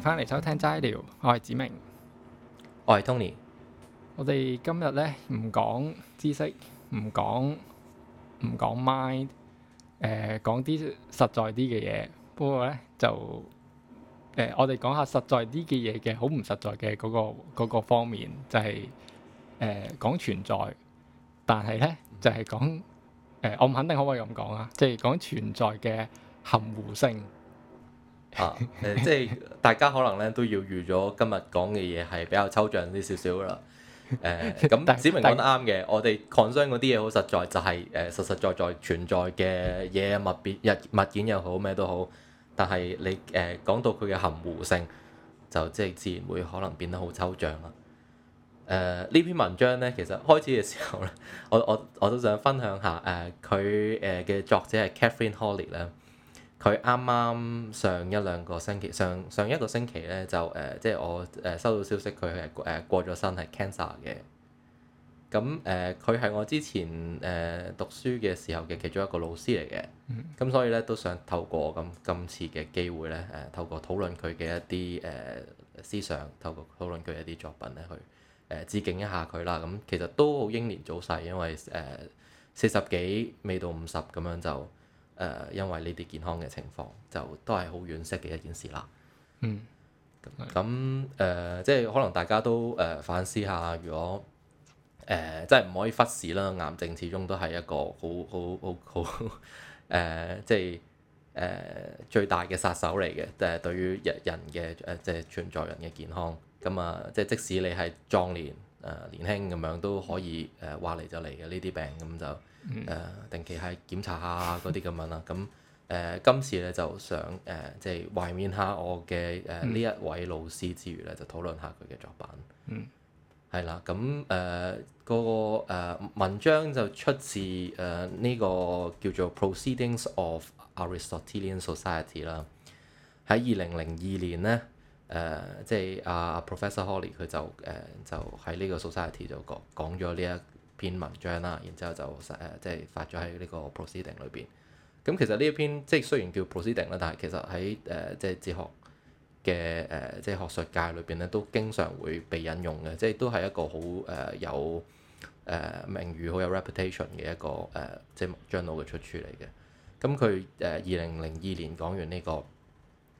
翻嚟收聽齋聊，我係梓明，我係 Tony。我哋今日咧唔講知識，唔講唔講 mind，誒、呃、講啲實在啲嘅嘢。不過咧就誒、呃、我哋講下實在啲嘅嘢嘅，好唔實在嘅嗰、那個、那個方面就係、是、誒、呃、講存在，但係咧就係、是、講誒、呃、我唔肯定可唔可以咁講啊，即、就、係、是、講存在嘅含糊性。 啊，誒、呃，即係大家可能咧都要預咗今日講嘅嘢係比較抽象啲少少啦。誒、呃，咁梓明講得啱嘅， 我哋 concern 嗰啲嘢好實在，就係、是、誒、呃、實實在在存在嘅嘢物別日物件又好咩都好，但係你誒講、呃、到佢嘅含糊性，就即係自然會可能變得好抽象啦。誒、呃，呢篇文章咧，其實開始嘅時候咧，我我我都想分享下誒佢誒嘅作者係 Katherine Hawley 咧。佢啱啱上一兩個星期，上上一個星期咧就誒、呃，即係我誒、呃、收到消息，佢係誒過咗身癌症，係 cancer 嘅。咁、呃、誒，佢係我之前誒、呃、讀書嘅時候嘅其中一個老師嚟嘅。咁、嗯、所以咧都想透過咁今，今次嘅機會咧誒、呃，透過討論佢嘅一啲誒、呃、思想，透過討論佢一啲作品咧去誒致敬一下佢啦。咁、呃、其實都好英年早逝，因為誒、呃、四十幾未到五十咁樣就。誒、呃，因為呢啲健康嘅情況就都係好惋惜嘅一件事啦。嗯，咁誒、呃，即係可能大家都誒、呃、反思下，如果誒、呃、即係唔可以忽視啦，癌症始終都係一個好好好好誒、呃，即係誒、呃、最大嘅殺手嚟嘅，誒對於人人嘅誒即係存在人嘅健康。咁、呃、啊，即係即使你係壯年。誒、啊、年輕咁樣都可以誒話嚟就嚟嘅呢啲病，咁就誒、呃、定期係檢查下嗰啲咁樣啦。咁誒、呃、今次咧就想誒、呃、即係懷緬下我嘅誒呢一位老師之餘咧，就討論下佢嘅作品。嗯，係啦。咁誒嗰個誒、呃、文章就出自誒呢、呃這個叫做《Proceedings of Aristotelian Society》啦。喺二零零二年咧。誒，即係阿 Professor Hawley 佢就誒、uh, 就喺呢個 Society 就講講咗呢一篇文章啦，然之後就誒即係發咗喺呢個 Proceeding 裏邊。咁、嗯、其實呢一篇即係雖然叫 Proceeding 啦，但係其實喺誒即係哲學嘅誒即係學術界裏邊咧，都經常會被引用嘅，即係都係一個好誒有誒、uh, 名譽好有 reputation 嘅一個誒即係 journal 嘅出處嚟嘅。咁佢誒二零零二年講完呢、這個。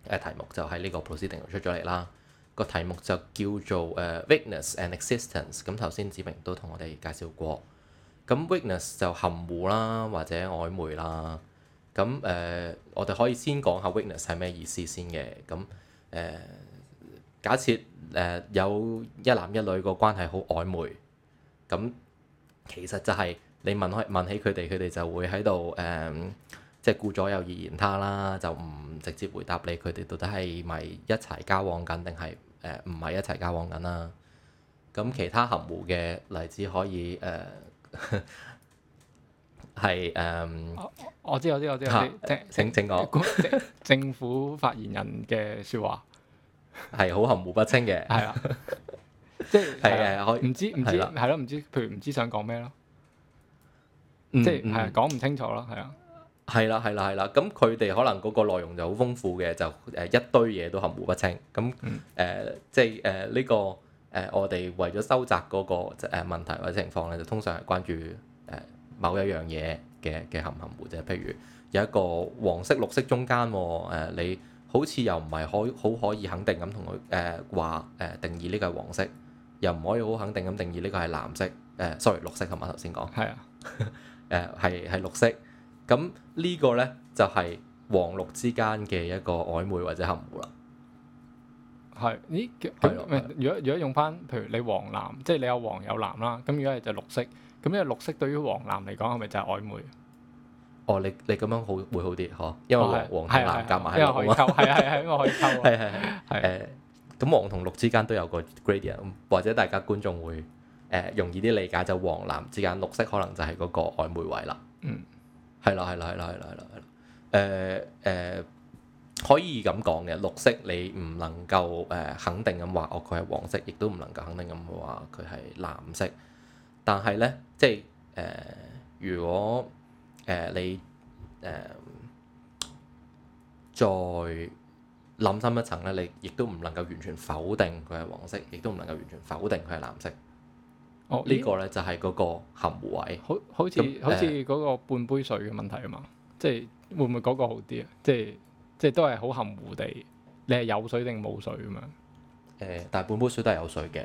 誒題目就喺呢個 Proceedings 出咗嚟啦，個題目就叫做誒、uh, Vagueness and existence。咁頭先梓明都同我哋介紹過，咁 vagueness 就含糊啦，或者曖昧啦。咁誒，uh, 我哋可以先講下 vagueness 係咩意思先嘅。咁誒，uh, 假設誒、uh, 有一男一女個關係好曖昧，咁其實就係你問開問起佢哋，佢哋就會喺度誒。Uh, 即係顧左右而言他啦，就唔直接回答你佢哋到底係咪一齊交往緊，定係誒唔係一齊交往緊啦？咁其他含糊嘅例子可以誒，係誒。我我知我知我知我知。請請講，政府發言人嘅説話係好含糊不清嘅。係啊，即係係啊，唔知唔知係咯，唔知譬如唔知想講咩咯，即係係講唔清楚咯，係啊。係啦，係啦，係啦。咁佢哋可能嗰個內容就好豐富嘅，就誒一堆嘢都含糊不清。咁誒、嗯呃，即係誒呢個誒、呃，我哋為咗收集嗰個誒問題或者情況咧，就通常係關注誒某一樣嘢嘅嘅含唔含糊啫。譬如有一個黃色、綠色中間喎，誒、呃、你好似又唔係好好可以肯定咁同佢誒話誒定義呢個係黃色，又唔可以好肯定咁定義呢個係藍色。誒、呃、Sorry，綠色同埋頭先講係啊，誒係係綠色。咁呢個咧就係、是、黃綠之間嘅一個曖昧或者含糊啦。係，咦？咁如果如果用翻，譬如你黃藍，即係你有黃有藍啦。咁而家係就綠色，咁因為綠色對於黃藍嚟講，係咪就係曖昧？哦，你你咁樣好會好啲嗬、哦，因為黃黃、哦啊、藍夾埋係嘛嘛嘛，係啊係、啊啊啊、因為可以溝，係係係咁黃同綠之間都有個 gradient，或者大家觀眾會誒、呃、容易啲理解，就黃藍之間綠色可能就係嗰個曖昧位啦。嗯。係啦，係啦，係啦，係啦，係啦，係啦、呃呃。可以咁講嘅，綠色你唔能夠誒、呃、肯定咁話哦，佢係黃色，亦都唔能夠肯定咁話佢係藍色。但係咧，即係誒、呃，如果誒、呃、你誒、呃、再諗深一層咧，你亦都唔能夠完全否定佢係黃色，亦都唔能夠完全否定佢係藍色。哦，呢個咧就係嗰個含糊位，好好似好似嗰個半杯水嘅問題啊嘛，即係會唔會嗰個好啲啊？即係即係都係好含糊地，你係有水定冇水咁樣？誒，但係半杯水都係有水嘅。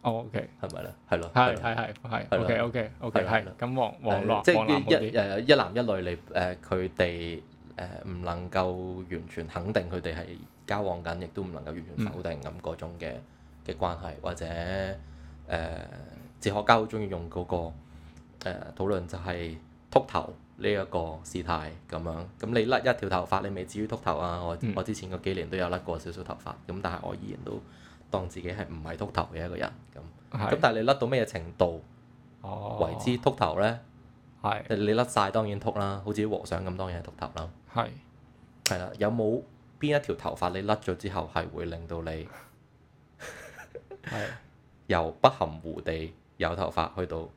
哦 O K，係咪咧？係咯，係係係係。O K O K O K，係。咁王王樂即係一誒一男一女你，誒，佢哋誒唔能夠完全肯定佢哋係交往緊，亦都唔能夠完全否定咁嗰種嘅嘅關係或者。誒、呃、哲學家好中意用嗰、那個誒、呃、討論就係禿頭呢一個事態咁樣，咁你甩一條頭髮你未至於禿頭啊？我、嗯、我之前嗰幾年都有甩過少少頭髮，咁但係我依然都當自己係唔係禿頭嘅一個人咁。咁是但係你甩到咩程度為之禿頭咧？哦、你甩晒當然禿啦，好似和尚咁當然係禿頭啦。係係啦，有冇邊一條頭髮你甩咗之後係會令到你係？ 由不含糊地有頭髮去到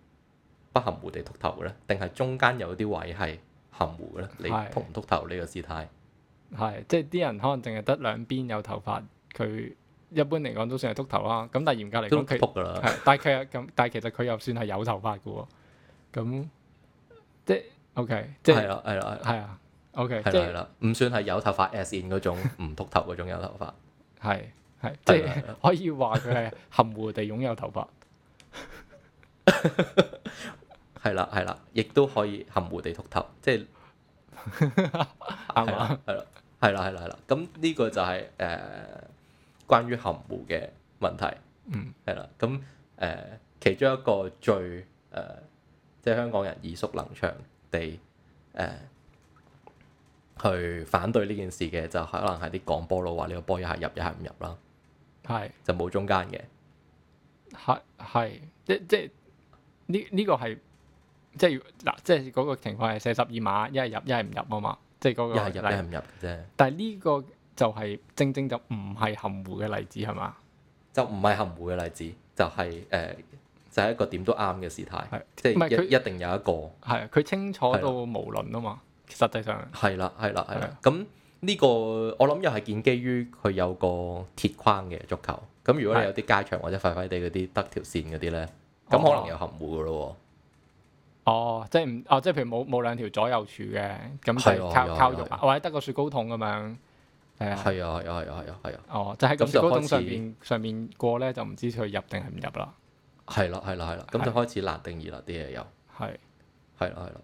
不含糊地禿頭咧，定係中間有啲位係含糊咧？你禿唔禿頭呢個事態係，即係啲人可能淨係得兩邊有頭髮，佢一般嚟講都算係禿頭啦。咁但係嚴格嚟講，都係禿㗎啦。但係佢又咁，但係其實佢又算係有頭髮嘅喎。咁即係 OK，即係係啦，係啦，係啊，OK，係啦，係啦，唔算係有頭髮 as in 嗰種唔禿頭嗰種有頭髮，係。係，即係可以話佢係含糊地擁有頭髮，係啦係啦，亦都可以含糊地禿頭，即係啱嘛？係啦係啦係啦，咁呢個就係、是、誒、呃、關於含糊嘅問題，嗯，係啦，咁、呃、誒其中一個最誒、呃、即係香港人耳熟能詳地誒去反對呢件事嘅，就可能係啲廣播佬話呢個波一下入，一下唔入啦。係就冇中間嘅，係係即即呢呢個係即嗱即嗰個情況，係四十二碼一係入一係唔入啊嘛，即嗰個一係入一係唔入嘅啫。但係呢個就係正正就唔係含糊嘅例子係嘛？就唔係含糊嘅例子，就係誒就係一個點都啱嘅事態，即係唔係一定有一個係佢清楚到無論啊嘛，實際上係啦係啦係啦咁。呢個我諗又係建基於佢有個鐵框嘅足球。咁如果你有啲街場或者快快地嗰啲得條線嗰啲咧，咁可能又含糊嘅咯喎。哦，即係唔，哦即係譬如冇冇兩條左右柱嘅，咁就靠靠肉或者得個雪糕筒咁樣。係啊，係啊，係啊，係啊，係啊。哦，就喺咁雪糕筒上邊上面過咧，就唔知佢入定係唔入啦。係啦，係啦，係啦。咁就開始難定易啦啲嘢，又係，係咯，係咯。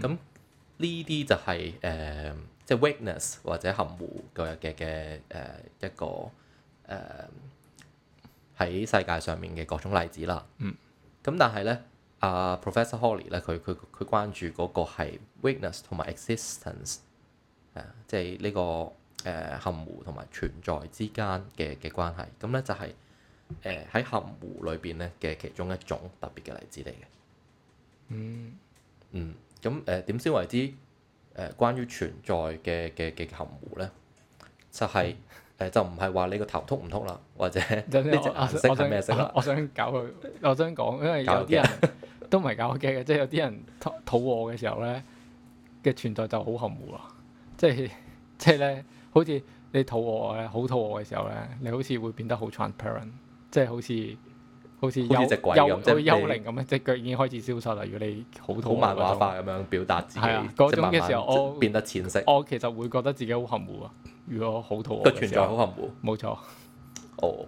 咁呢啲就係誒。即係 vagueness 或者含糊嘅嘅嘅誒一個誒喺、呃、世界上面嘅各種例子啦。咁、嗯、但係咧，阿、啊、Professor Hawley 咧，佢佢佢關注嗰個係 vagueness 同埋 existence，係、啊、即係呢、這個誒、呃、含糊同埋存在之間嘅嘅關係。咁咧就係誒喺含糊裏邊咧嘅其中一種特別嘅例子嚟嘅。嗯。嗯。咁誒點先為之？誒、呃，關於存在嘅嘅嘅含糊咧，就係、是、誒、呃，就唔係話你個頭禿唔禿啦，或者呢等色咩色我？我想搞佢，我想講，因為有啲人 都唔係搞我嘅，即、就、係、是、有啲人肚餓嘅時候咧嘅存在就好含糊啊！即係即係咧，好似你肚餓咧，好肚餓嘅時候咧，你好似會變得 transparent，好 transparent，即係好似。好似幽幽靈咁，隻腳已經開始消失啦。如果你好肚餓，好漫畫化咁樣表達自己。係啊，嗰種嘅時候我變得淺色。我其實會覺得自己好含糊啊。如果好肚餓嘅存在，好含糊，冇錯。哦，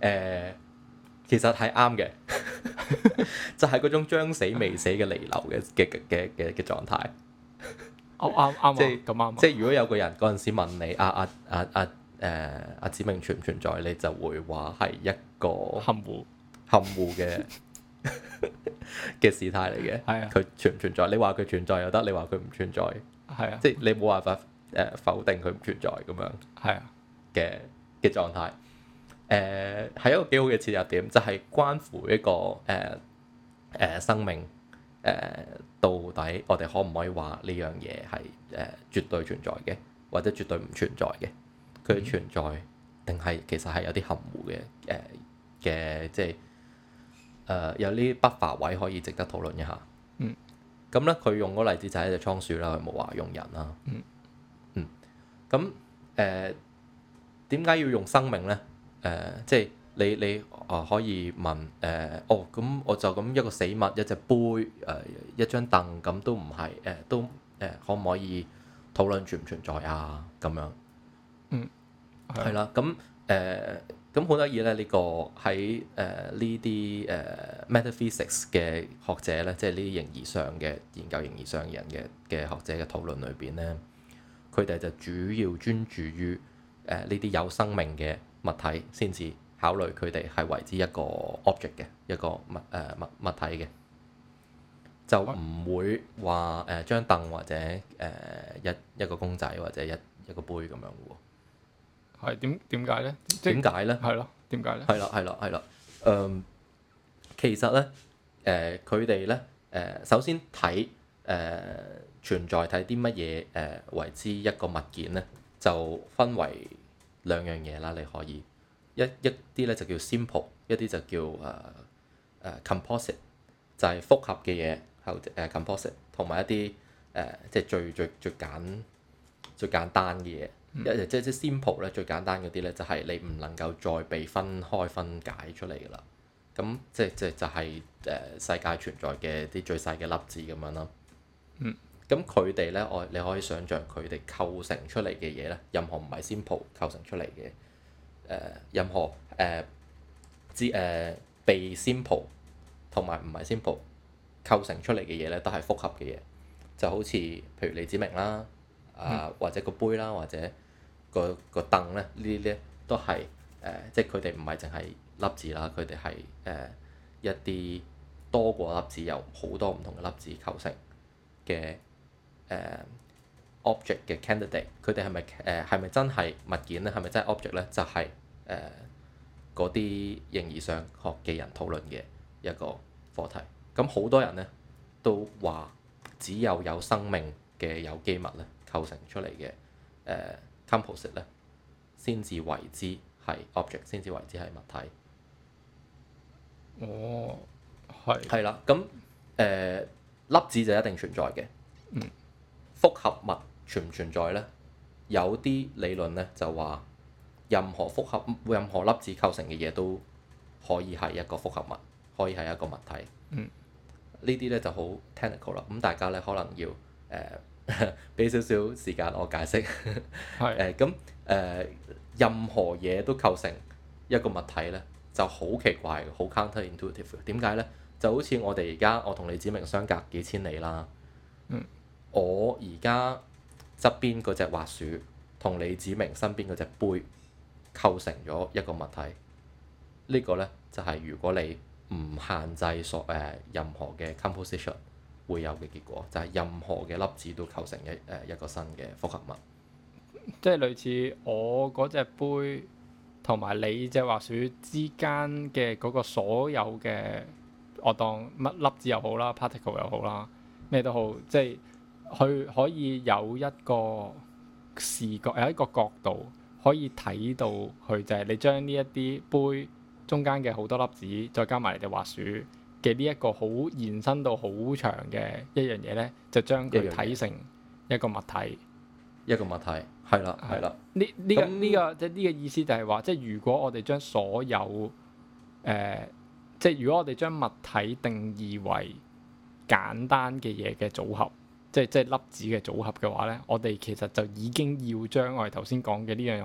誒，其實係啱嘅，就係嗰種將死未死嘅離流嘅嘅嘅嘅嘅狀態。啱啱啱啊！即係咁啱。即係如果有個人嗰陣時問你阿阿阿阿誒阿梓明存唔存在，你就會話係一個含糊含糊嘅嘅事態嚟嘅，佢、係啊、存唔存在？你話佢存在又得，你話佢唔存在，係啊、即係你冇辦法否定佢唔存在咁樣、係啊，嘅嘅狀態，誒、呃、係一個幾好嘅切入點，就係、是、關乎一個誒誒、呃呃、生命誒、呃、到底我哋可唔可以話呢樣嘢係誒絕對存在嘅，或者絕對唔存在嘅？佢存在定係、嗯、其實係有啲含糊嘅誒嘅即係。誒、uh, 有呢啲 buffer 位可以值得討論一下。嗯，咁咧佢用嗰例子就係一隻倉鼠啦，佢冇話用人啦、啊。嗯，咁誒點解要用生命咧？誒、呃，即、就、係、是、你你、呃、可以問誒、呃、哦，咁我就咁一個死物，一隻杯誒、呃，一張凳咁都唔係誒，都誒、呃、可唔可以討論存唔存在啊？咁樣嗯，係啦的，咁誒。咁好得意咧，呢、呢個喺誒呢、呃、啲誒、呃、metaphysics 嘅學者咧，即係呢啲形而上嘅研究形而上嘅人嘅學者嘅討論裏邊咧，佢哋就主要專注於誒呢啲有生命嘅物體先至考慮佢哋係為之一個 object 嘅一個物誒物物體嘅，就唔會話誒張凳或者誒、呃、一一個公仔或者一一個杯咁樣嘅喎。係點點解咧？點解咧？係咯？點解咧？係啦係啦係啦。嗯，其實咧，誒佢哋咧，誒、呃、首先睇誒、呃、存在睇啲乜嘢誒為之一個物件咧，就分為兩樣嘢啦。你可以一一啲咧就叫 simple，一啲就叫誒誒、呃呃、composite，就係複合嘅嘢。後、呃、誒 composite 同埋一啲誒即係最最最簡最簡單嘅嘢。一、嗯、即即，即 simple 咧，最簡單嗰啲咧，就係你唔能夠再被分開分解出嚟㗎啦。咁即即就係、是、誒、呃、世界存在嘅啲最細嘅粒子咁樣啦。嗯。咁佢哋咧，我你可以想像佢哋構成出嚟嘅嘢咧，任何唔係 simple 構成出嚟嘅誒任何誒之誒被 simple 同埋唔係 simple 構成出嚟嘅嘢咧，都係複合嘅嘢。就好似譬如李子明啦。啊，或者個杯啦，或者個個凳咧，呢啲咧都係誒，即係佢哋唔係淨係粒子啦，佢哋係誒一啲多過粒子，有好多唔同嘅粒子構成嘅誒、呃、object 嘅 candidate，佢哋係咪誒係咪真係物件咧？係咪真係 object 咧？就係誒嗰啲形而上學嘅人討論嘅一個課題。咁好多人咧都話只有有生命嘅有機物咧，構成出嚟嘅誒 composite 咧，先、uh, 至為之係 object，先至為之係物體。哦，係係啦，咁誒、uh, 粒子就一定存在嘅。嗯，複合物存唔存在咧？有啲理論咧就話，任何複合任何粒子構成嘅嘢都可以係一個複合物，可以係一個物體。嗯，呢啲咧就好 technical 啦。咁大家咧可能要誒。Uh, 俾少少時間我解釋，誒 咁的、啊、任何嘢都構成一個物體呢，就好奇怪，好 counterintuitive。點解呢？就好似我哋而家我同李子明相隔幾千里啦，嗯、我而家側邊嗰隻滑鼠同李子明身邊嗰隻杯構成咗一個物體，呢、這個呢，就係、是、如果你唔限制所誒、呃、任何嘅 composition。會有嘅結果就係任何嘅粒子都構成一誒一個新嘅複合物，即係類似我嗰隻杯同埋你隻滑鼠之間嘅嗰個所有嘅，我當乜粒子又好啦，particle 又好啦，咩都好，即係佢可以有一個視覺，有一個角度可以睇到，佢就係你將呢一啲杯中間嘅好多粒子再加埋你隻滑鼠。嘅呢一個好延伸到好長嘅一樣嘢咧，就將佢睇成一個物體。一個物體，係啦，係啦。呢呢、啊呢個呢那、呢個即係呢個意思就係話，即係如果我哋將所有誒、呃，即係如果我哋將物體定義為簡單嘅嘢嘅組合，即係即係粒子嘅組合嘅話咧，我哋其實就已經要將我哋頭先講嘅呢樣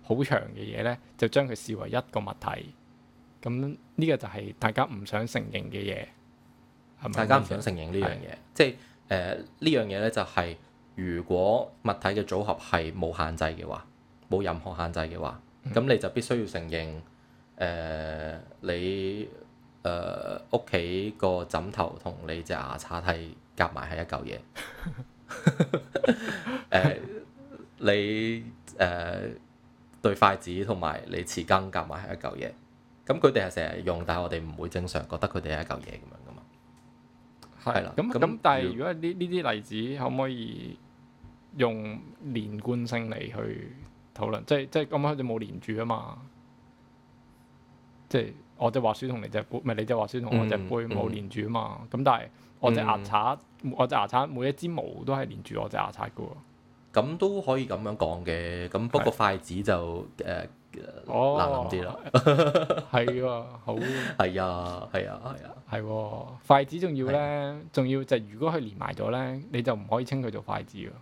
好好長嘅嘢咧，就將佢視為一個物體。咁呢個就係大家唔想承認嘅嘢，是是大家唔想承認呢樣嘢，是即係誒呢樣嘢咧，呃、就係、是、如果物體嘅組合係冇限制嘅話，冇任何限制嘅話，咁、嗯、你就必須要承認誒、呃、你誒屋企個枕頭同你隻牙刷係夾埋係一嚿嘢，誒、 呃、你誒、呃、對筷子同埋你匙羹夾埋係一嚿嘢。咁佢哋係成日用，但係我哋唔會正常覺得佢哋係一嚿嘢咁樣噶嘛。係啦，咁咁，但係如果呢呢啲例子、嗯、可唔可以用連貫性嚟去討論？嗯、即係即係咁佢哋冇連住啊嘛。即係我隻滑鼠同你隻杯，唔係、嗯嗯、你隻滑鼠同我隻杯冇連住啊嘛。咁但係我隻牙刷，嗯、我隻牙刷每一支毛都係連住我隻牙刷噶喎。咁都、嗯、可以咁樣講嘅。咁不過筷子就誒。呃哦，難啲啦，係喎，好係啊，係啊 係啊，係筷子仲要咧，仲的要就如果佢連埋咗咧，你就唔可以稱佢做筷，筷子咯。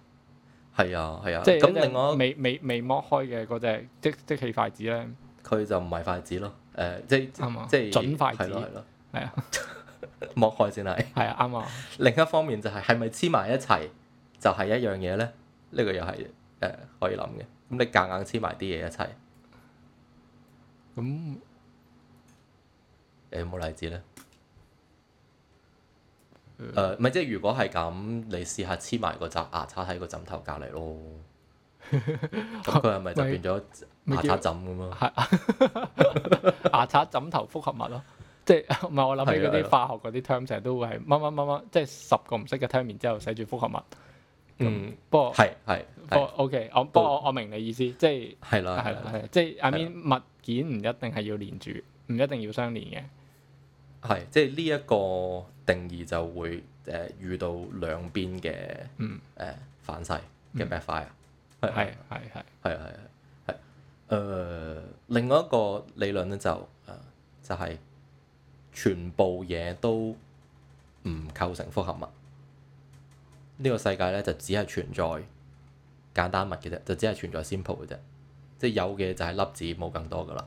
係啊，係啊，即係咁，另外未未未剝開嘅嗰隻即即器筷子咧，佢就唔係筷子咯。誒，即係啱啊，即係準筷子係咯，係啊的，剝的 開先係係啊，啱啊。 另一方面就係係咪黐埋一齊就係一樣嘢咧？呢、呢個又係誒可以諗嘅。咁你夾硬黐埋啲嘢一齊。咁誒有冇例子咧？誒唔、嗯、即係如果係咁，你試下黐埋個扎牙刷喺個枕頭隔離咯。咁佢係咪就變咗牙刷枕咁樣、啊？牙刷枕頭複合物咯，即係唔係我諗起嗰啲化學嗰啲 term 成日都會係乜乜乜乜，即係、就是、十個唔識嘅 term，然之後寫住複合物。嗯，不過係係，不過 OK，我不過我明你意思，即係係啦係啦係，即係阿 m 物件唔一定係要連住，唔一定要相連嘅。係，即係呢一個定義就會誒遇到兩邊嘅誒反噬，嘅 backfire 係係係係係係另外一個理論咧就誒就係全部嘢都唔構成複合物。呢個世界咧就只係存在簡單物嘅啫，就只係存在 simple 嘅啫，即係有嘅就係粒子，冇更多噶啦。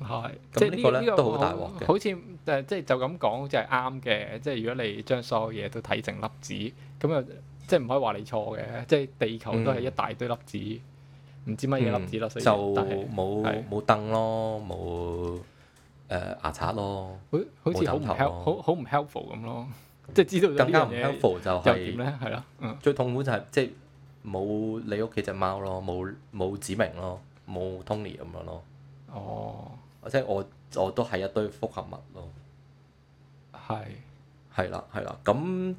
係是，即係呢、這個都大好大鑊嘅。好似誒，即係就咁、是、講就係啱嘅。即、就、係、是、如果你將所有嘢都睇成粒子，咁又即係唔可以話你錯嘅。即、就、係、是、地球都係一大堆粒子，唔、嗯、知乜嘢粒，子，粒子、嗯、子咯。所以就冇冇凳咯，冇、呃、誒牙刷咯，好好似好唔 help 好好唔 helpful 咁咯。即係知道更加唔 helpful 就係、嗯、最痛苦就係即係冇你屋企隻貓咯，冇冇梓明咯，冇 Tony 咁樣咯。哦即，或我我都係一堆複合物咯。係是。係啦，係啦。咁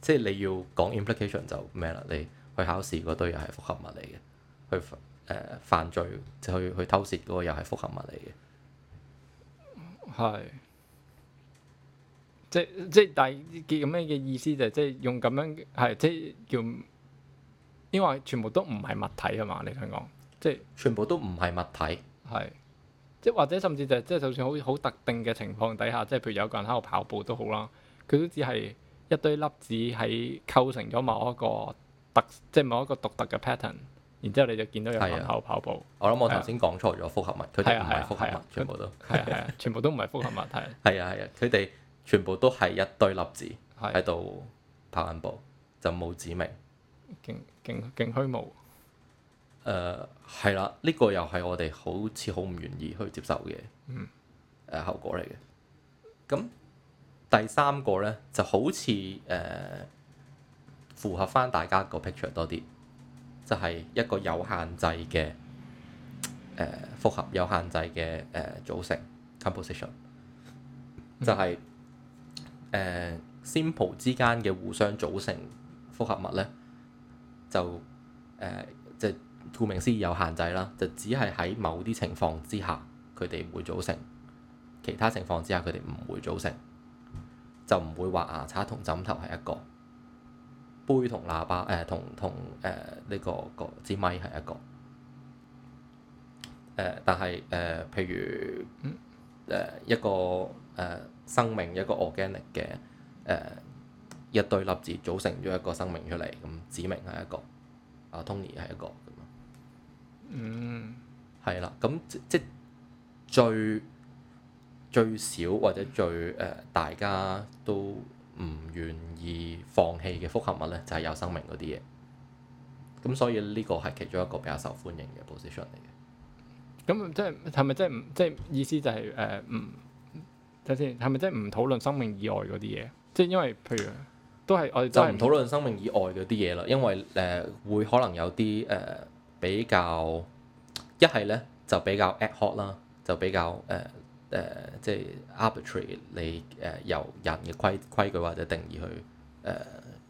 即係你要講 implication 就咩啦？你去考試嗰堆又係複合物嚟嘅，去誒、呃、犯罪、就係、去去偷竊嗰個又係複合物嚟嘅。係。即即但係咁咩嘅意思就即、是、係用咁樣係即叫，因為全部都唔係物體啊嘛，你想講，即、就、係、是、全部都唔係物體，係即或者甚至就即、是、係就算好似好特定嘅情況底下，即係譬如有個人喺度跑步都好啦，佢都只係一堆粒子喺構成咗某一個特即係、就是、某一個獨特嘅 pattern，然之後你就見到有人喺度跑步。啊、我諗我頭先講錯咗，複合物佢哋唔係複合物，全部都係啊，全部都唔係、啊啊、複合物體。係啊係啊，佢哋、啊。全部都係一堆粒子喺度跑緊步，就冇指明，勁勁勁虛無。誒、呃，係啦，呢、這個又係我哋好似好唔願意去接受嘅誒後果嚟嘅。咁、嗯呃、第三個咧就好似誒、呃、符合翻大家個 picture 多啲，就係、是、一個有限制嘅誒、呃、複合有限制嘅誒、呃、組成 composition，就係、是。嗯誒、um、simple 之間嘅互相組成複合物咧，就誒，即係顧名思義有限制啦，就只係喺某啲情況之下佢哋會組成，其他情況之下佢哋唔會組成，就唔會話牙刷同枕頭係一個，杯同喇叭誒，同同誒呢個、這個支咪係一個，誒、uh，但係誒、uh，譬如誒、嗯 uh、一個誒。Uh 生命一個 organic 嘅誒一堆粒子組成咗一個生命出嚟，咁梓明係一個，阿 Tony 係一個咁啊。嗯，係啦，咁、啊嗯、即係最最少或者最誒、呃、大家都唔願意放棄嘅複合物咧，就係、是、有生命嗰啲嘢。咁所以呢個係其中一個比較受歡迎嘅 position 嚟嘅。咁、嗯、即係係咪即係即係意思就係誒唔？呃嗯睇先，係咪即係唔討論生命以外嗰啲嘢？即係因為譬如都係我哋就唔討論生命以外嗰啲嘢啦，因為誒、呃、會可能有啲誒、呃、比較一係咧就比較 ad hoc 啦，就比較誒誒、呃呃、即係 arbitrary 你誒、呃、由人嘅規規矩或者定義去誒、呃、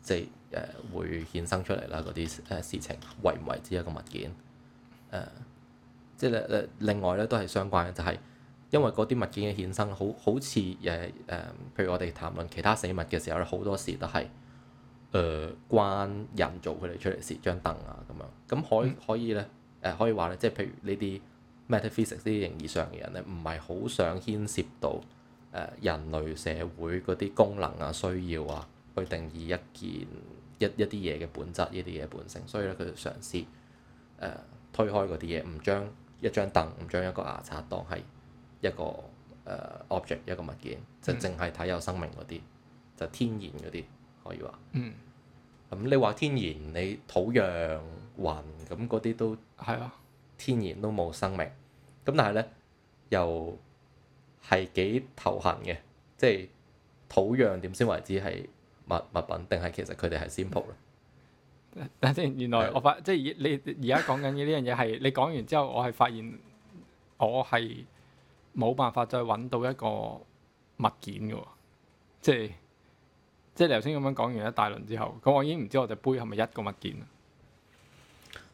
即係誒、呃、會衍生出嚟啦嗰啲事情為唔為之一個物件誒、呃？即係另、呃、另外咧都係相關嘅，就係、是。因為嗰啲物件嘅衍生，好好似誒誒，譬如我哋談論其他死物嘅時候咧，好多時都係誒、呃、關人造佢哋出嚟攝張凳啊咁樣。咁可可以咧誒，可以話咧、呃，即係譬如呢啲 metaphysics 呢啲形而上嘅人咧，唔係好想牽涉到誒、呃、人類社會嗰啲功能啊、需要啊，去定義一件一一啲嘢嘅本質，呢啲嘢嘅本性。所以咧，佢就嘗試誒、呃、推開嗰啲嘢，唔將一張凳，唔將一個牙刷當係。一個誒 object 一個物件，就淨係睇有生命嗰啲，嗯、就天然嗰啲可以話。咁、嗯、你話天然，你土壤、雲咁嗰啲都係啊。天然都冇生命，咁但係咧又係幾頭痕嘅，即、就、係、是、土壤點先為之係物物品，定係其實佢哋係先鋪啦？等先，原來我發、啊、即係你而家講緊嘅呢樣嘢係你講完之後，我係發現我係。冇辦法再揾到一個物件㗎，即係即係你頭先咁樣講完一大輪之後，咁我已經唔知我隻杯係咪一個物件啊？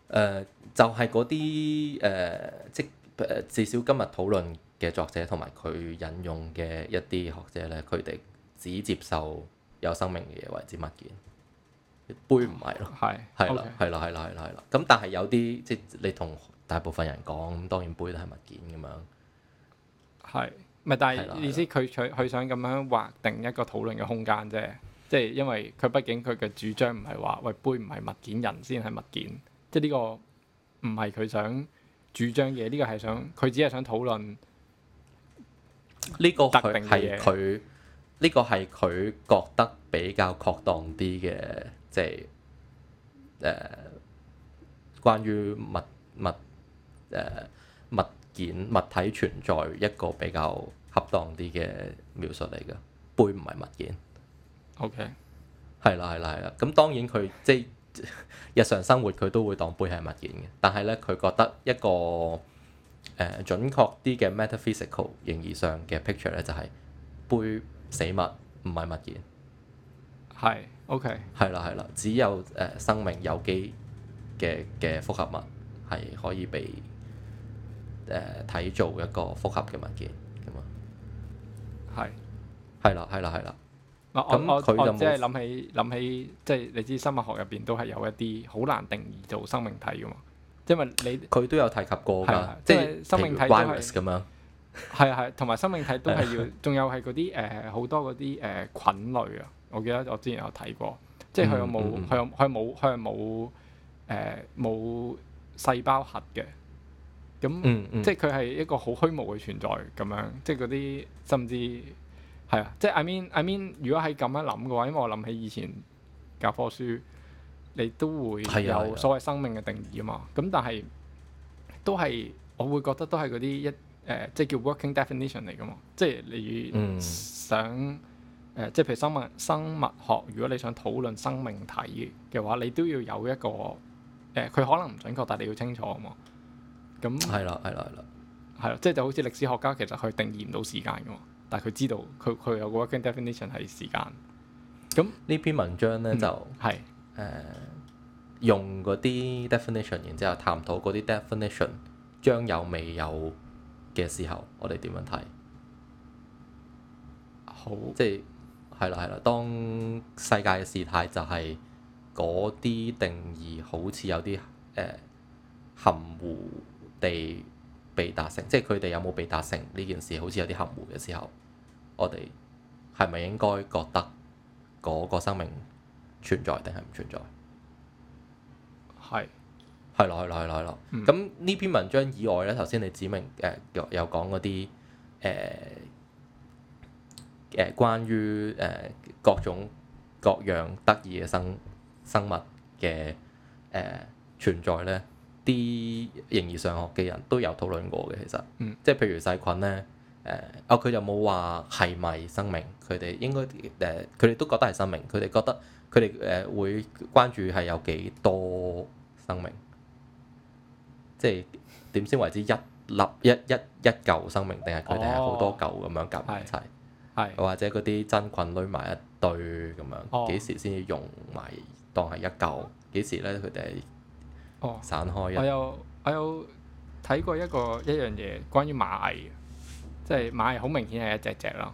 呃，就係嗰啲誒，即誒至少今日討論嘅作者同埋佢引用嘅一啲學者呢，佢哋只接受有生命嘅嘢為之物件，杯唔係咯，係係啦係啦係啦係啦。咁的 okay. 但係有啲即係你同大部分人講，咁當然杯都係物件咁樣。係，咪但係意思佢佢想咁樣劃定一個討論嘅空間啫，即係因為佢畢竟佢嘅主張唔係話喂，杯唔係物件，人先係物件，即係呢個唔係佢想主張嘅，呢、呢個係想佢只係想討論呢個係佢呢個係佢覺得比較確當啲嘅，即係誒關於物物誒物。呃物物件物體存在一個比較恰當啲嘅描述嚟嘅，杯唔係物件。O K，係啦係啦係啦。咁、嗯、當然佢即係日常生活佢都會當杯係物件嘅，但係咧佢覺得一個誒、呃、準確啲嘅 metaphysical 形而上嘅 picture 咧就係、是、杯死物唔係物件。係 O K，係啦係啦，只有誒、呃、生命有機嘅嘅複合物係可以被。誒睇做一個複合嘅物件咁啊，係是，係啦，係啦，係啦。咁我它我即係諗起諗起，即係、就是、你知生物學入邊都係有一啲好難定義做生命體噶嘛。因為你佢都有提及過㗎，即係生命體咁啊。係啊係，同埋生命體都係要，仲 有係嗰啲誒好多嗰啲誒菌類啊。我記得我之前有睇過，即係佢有冇佢有佢冇佢係冇誒冇細胞核嘅。咁那、嗯嗯、即係佢係一個好虛無嘅存在咁樣，即係嗰啲甚至係啊，即係 I mean I mean，如果係咁樣諗嘅話，因為我諗起以前教科書，你都會有所謂生命嘅定義啊嘛。咁、啊、但係都係我會覺得都係嗰啲一誒、呃，即係叫 working definition 嚟嘅嘛。即係你想誒、嗯呃，即係譬如生物生物學，如果你想討論生命體嘅話，你都要有一個誒，佢、呃、可能唔準確，但係你要清楚啊嘛。咁係啦，係啦那，係啦，係啦，即係就好似歷史學家其實佢定義唔到時間噶嘛，但係佢知道佢佢有個 definition 係時間。咁呢篇文章咧就係誒、嗯呃、用嗰啲 definition，然之後探討嗰啲 definition 將有未有嘅時候，我哋點樣睇？好，即係係啦，係啦，當世界嘅事態就係嗰啲定義好似有啲誒、呃、含糊，地被達成，即係佢哋有冇被達成呢件事？好似有啲含糊嘅時候，我哋係咪應該覺得嗰個生命存在定係唔存在？係、係咯、係咯、係咯、係咯。咁呢、嗯、篇文章以外咧，頭先你指明誒有有講嗰啲誒誒關於誒、呃、各種各樣得意嘅生生物嘅誒、呃、存在咧。啲形而上學嘅人都有討論過嘅，其實，嗯、即係譬如細菌咧，誒、呃，哦，佢又冇話係咪生命，佢哋應該，誒、呃，佢哋都覺得係生命，佢哋覺得佢哋誒會關注係有幾多生命，即係點先為之一粒一一一嚿生命，定係佢哋係好多嚿咁樣夾埋一齊，哦、或者嗰啲真菌攣埋一堆咁樣，幾、哦、時先用埋當係一嚿？幾時咧佢哋？哦，散開。我有我有睇過一個一樣嘢，關於螞蟻，即係螞蟻好明顯係一隻隻咯。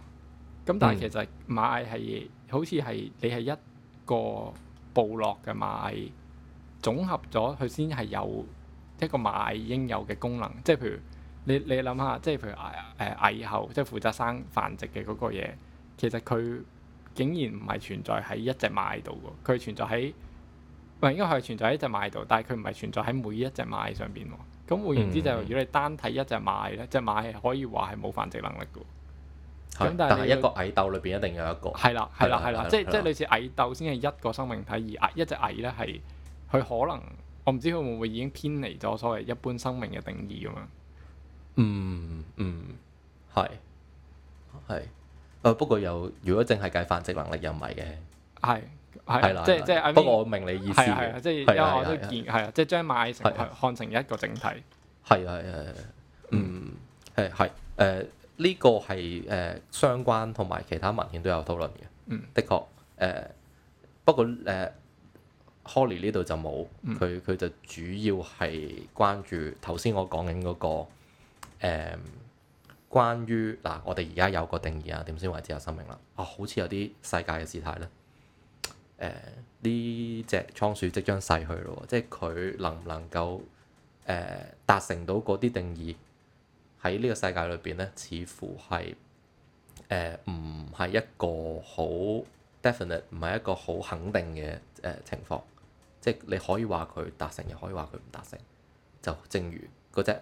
咁但係其實螞蟻係好似係你係一個部落嘅螞蟻，總合咗佢先係有一個螞蟻應有嘅功能。即係譬如你你諗下，即係譬如誒蟻后，即係負責生繁殖嘅嗰個嘢，其實佢竟然唔係存在喺一隻螞蟻度嘅，佢係存在喺。唔係，因為佢係存在一隻蟻度，但係佢唔係存在喺每一隻蟻上邊喎。咁換言之，就如果你單睇一隻蟻咧，隻蟻係可以話係冇繁殖能力嘅。咁的但係一個蟻竇裏邊一定有一個。係啦，係啦，係啦，即係即係類似蟻竇先係一個生命體，而蟻一隻蟻咧係佢可能我唔知佢會唔會已經偏離咗所謂一般生命嘅定義咁樣、嗯。嗯嗯，係、嗯、係。誒、嗯、不過有，如果淨係計繁殖能力又唔係嘅，係。的的係啦，即即不過我明你意思嘅，即因為我都見係啊，即將賣成看成一個整體。係啊，係嗯，係係誒，呢個係誒相關同埋其他文獻都有討論嘅。的確誒，不過誒 Hawley 呢度就冇佢佢就主要係關注頭先我講緊嗰個誒，關於嗱我哋而家有個定義啊，點先為之有生命啦？啊，好似有啲世界嘅事態咧。呢、呃、隻倉鼠即將逝去咯，即係佢能唔能夠誒、呃、達成到嗰啲定義喺呢個世界裏邊咧，似乎係唔係一個好 definite，唔係一個好肯定嘅、呃、情況，即係你可以話佢達成，又可以話佢唔達成，就正如嗰隻、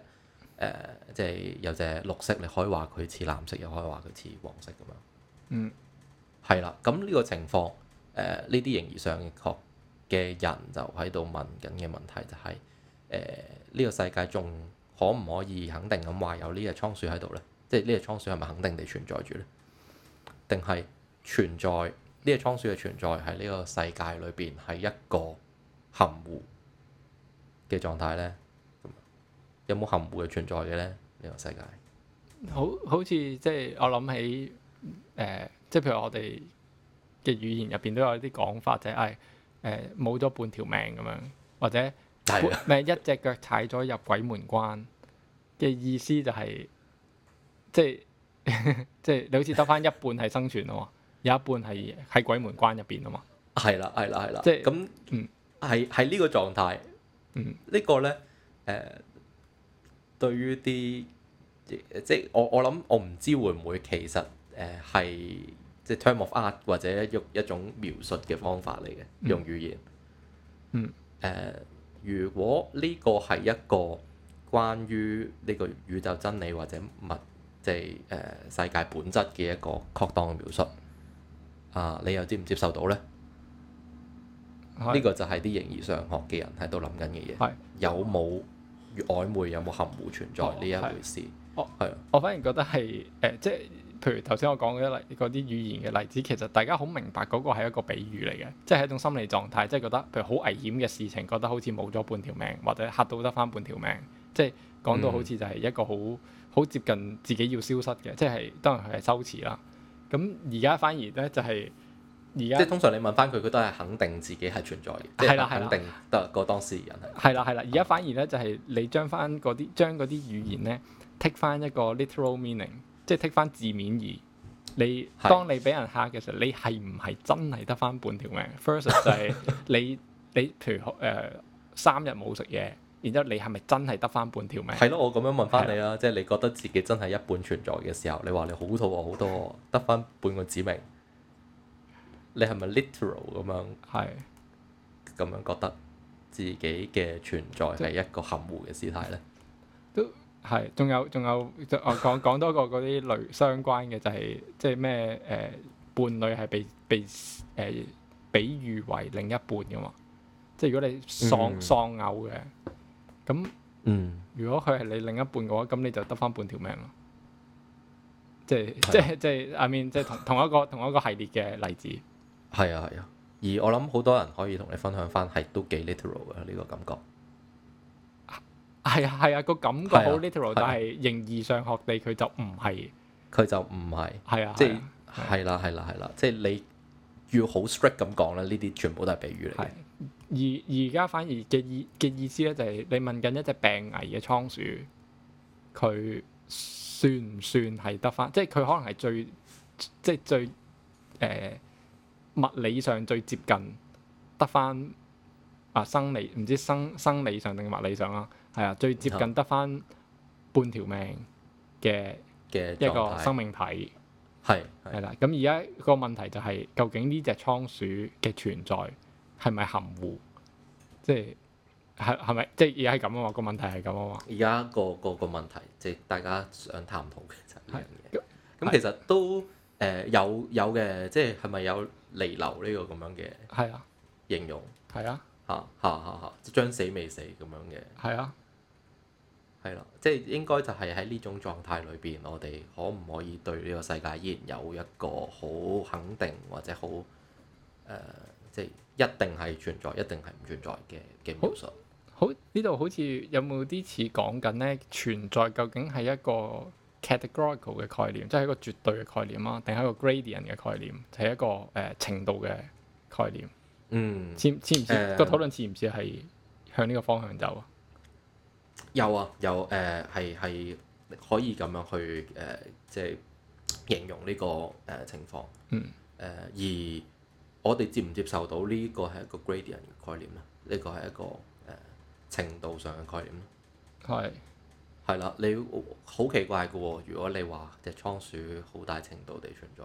呃、即係有隻綠色，你可以話佢似藍色，又可以話佢似黃色咁樣。嗯，係啦，咁呢個情況。誒呢啲形而上學嘅人就喺度問緊嘅問題就係誒，呢個世界仲可唔可以肯定咁話有倉呢隻倉鼠喺度咧？即係呢隻倉鼠係咪肯定地存在住咧？定係存在呢隻倉鼠嘅存在喺呢個世界裏邊係一個含糊嘅狀態咧？有冇含糊嘅存在嘅咧？呢個世界有有好好似，即係我諗起誒，即係、呃、譬如我哋。嘅語言入邊都有啲講法，就係誒冇咗半條命咁樣，或者咩是的 一隻腳踩咗入鬼門關嘅意思就係、係、即即，即你好似得翻一半係生存啊嘛， 有一半係喺鬼門關入邊啊嘛。係啦，係啦，係啦，即咁係，係呢個狀態。嗯呢，呢個咧誒對於啲即，即我我諗，我唔知會唔會其實誒係。即係 term of art 或者一一種描述嘅方法嚟嘅，嗯、用語言。嗯。誒，uh, 如果呢個係一個關於呢個宇宙真理或者物，即係誒世界本質嘅一個確當嘅描述，啊，你又接唔接受到咧？呢是個就係啲形而上學嘅人喺度諗緊嘅嘢。是有冇曖昧？有冇含糊存在呢一回事？哦。係啊是。我反而覺得係誒、呃，即係。譬如頭先我講嗰啲例嗰啲語言嘅例子，其實大家好明白嗰個係一個比喻嚟嘅，即係一種心理狀態，即係覺得譬如好危險嘅事情，覺得好似冇咗半條命，或者嚇到得翻半條命，即係講到好似就係一個好好、嗯、接近自己要消失嘅，即係當然係修辭啦。咁而家反而咧就係而家即係通常你問翻佢，佢都係肯定自己係存在嘅，即係肯定得個當事人係啦，係啦。而家反而咧就係、是、你將翻嗰啲將嗰啲語言咧 take 翻一個 literal meaning。即係 take 翻字面意，你當你俾人嚇嘅時候，你係唔係真係得翻半條命？First 就係你你譬如誒三日冇食嘢，然之後你係咪真係得翻半條命？係咯、 呃，我咁樣問翻你啦，的即係你覺得自己真係一半存在嘅時候，你話你好肚餓好肚餓，得翻 半個指命，你係咪 literal 咁樣？係的。咁樣覺得自己嘅存在係一個含糊嘅事態咧？就係係，仲有仲有，講講多個嗰啲類相關嘅就係、是，即係咩誒，伴侶係被被誒，比、呃、喻為另一半噶嘛，即係如果你喪喪偶嘅，咁、嗯，如果佢係你另一半嘅話，咁你就得返半條命咯，即係、啊、即係即係，I mean，即係同同一個同一個系列嘅例子。係啊係啊，而我諗好多人可以同你分享返，係都幾 literal 嘅呢、這個感覺。係 esta pe ño 很多音啊，係的是啊，個感覺好 literal，但係形義上學嚟佢就唔係佢就唔係係啊，即係係啦，係啦，係啦，即係你要好 strict 咁講啦，呢啲全部都係比喻嚟嘅。而而家反而嘅意嘅意思咧，就係，就係你問緊一隻病危嘅倉鼠，佢算唔算係得返？即係佢可能係最即係最誒物理上最接近得返啊生理唔知生生理上定物理上啦。係啊，最接近得翻半條命嘅嘅一個生命體。係係啦，咁而家個問題就係究竟呢隻倉鼠嘅存在係咪含糊？即係係係咪即係而家係咁啊嘛，個問題係咁啊嘛。而家個個個問題即係大家想探討嘅一樣嘢。咁的其實都誒有的有嘅，即係係咪有彌留呢個咁樣嘅？係啊，形容係啊，吓，吓，嚇嚇，將死未死咁樣嘅。係啊。係咯，即係應該就係喺呢種狀態裏邊，我哋可唔可以對呢個世界依然有一個好肯定，或者好誒、呃，即係一定係存在，一定係唔存在嘅嘅要素？好，好有有呢度好似有冇啲似講緊咧，存在究竟係一個 categorical 嘅概念，即係一個絕對嘅概念啊，定係一個 gradient 嘅概念，係一個誒程度嘅概念？就係呃、概念嗯，似似唔似個討論似唔似係向呢個方向走啊？有啊，有、呃、誒，係係可以咁樣去誒、呃，即係形容呢個誒情況。嗯。誒、呃、而我哋接唔接受到呢個係一個 gradient 嘅概念咧？呢個係一個誒、呃、程度上嘅概念咯。係是。係啦，你好奇怪嘅喎！如果你話隻倉鼠好大程度地存在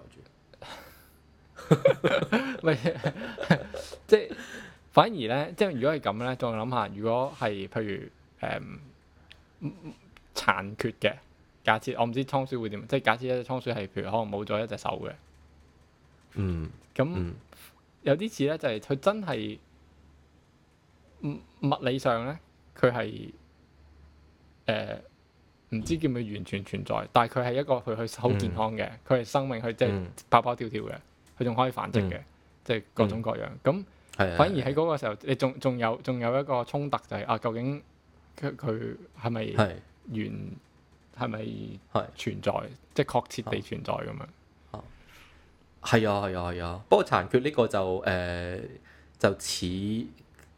住，咪即係反而咧，即係如果係咁咧，再諗下，如果係譬如誒。呃殘缺嘅假設，我唔知倉鼠會點，即係假設一隻倉鼠係譬如可能冇咗一隻手嘅。咁有啲似咧，就係、是、佢真係物理上咧，佢係誒唔知叫唔叫完全存在，但係佢係一個佢佢好健康嘅，佢係、嗯、生命，佢即係跑跑跳跳嘅，佢仲、嗯、可以繁殖嘅，嗯、即係各種各樣。咁反而喺嗰個時候，你仲仲有仲有一個衝突，個衝突就係、是、啊，究竟？佢佢係咪係原係咪係存在，係即係確切地存在咁樣？哦，係啊，係啊，係啊，啊。不過殘缺呢個就誒、呃、就似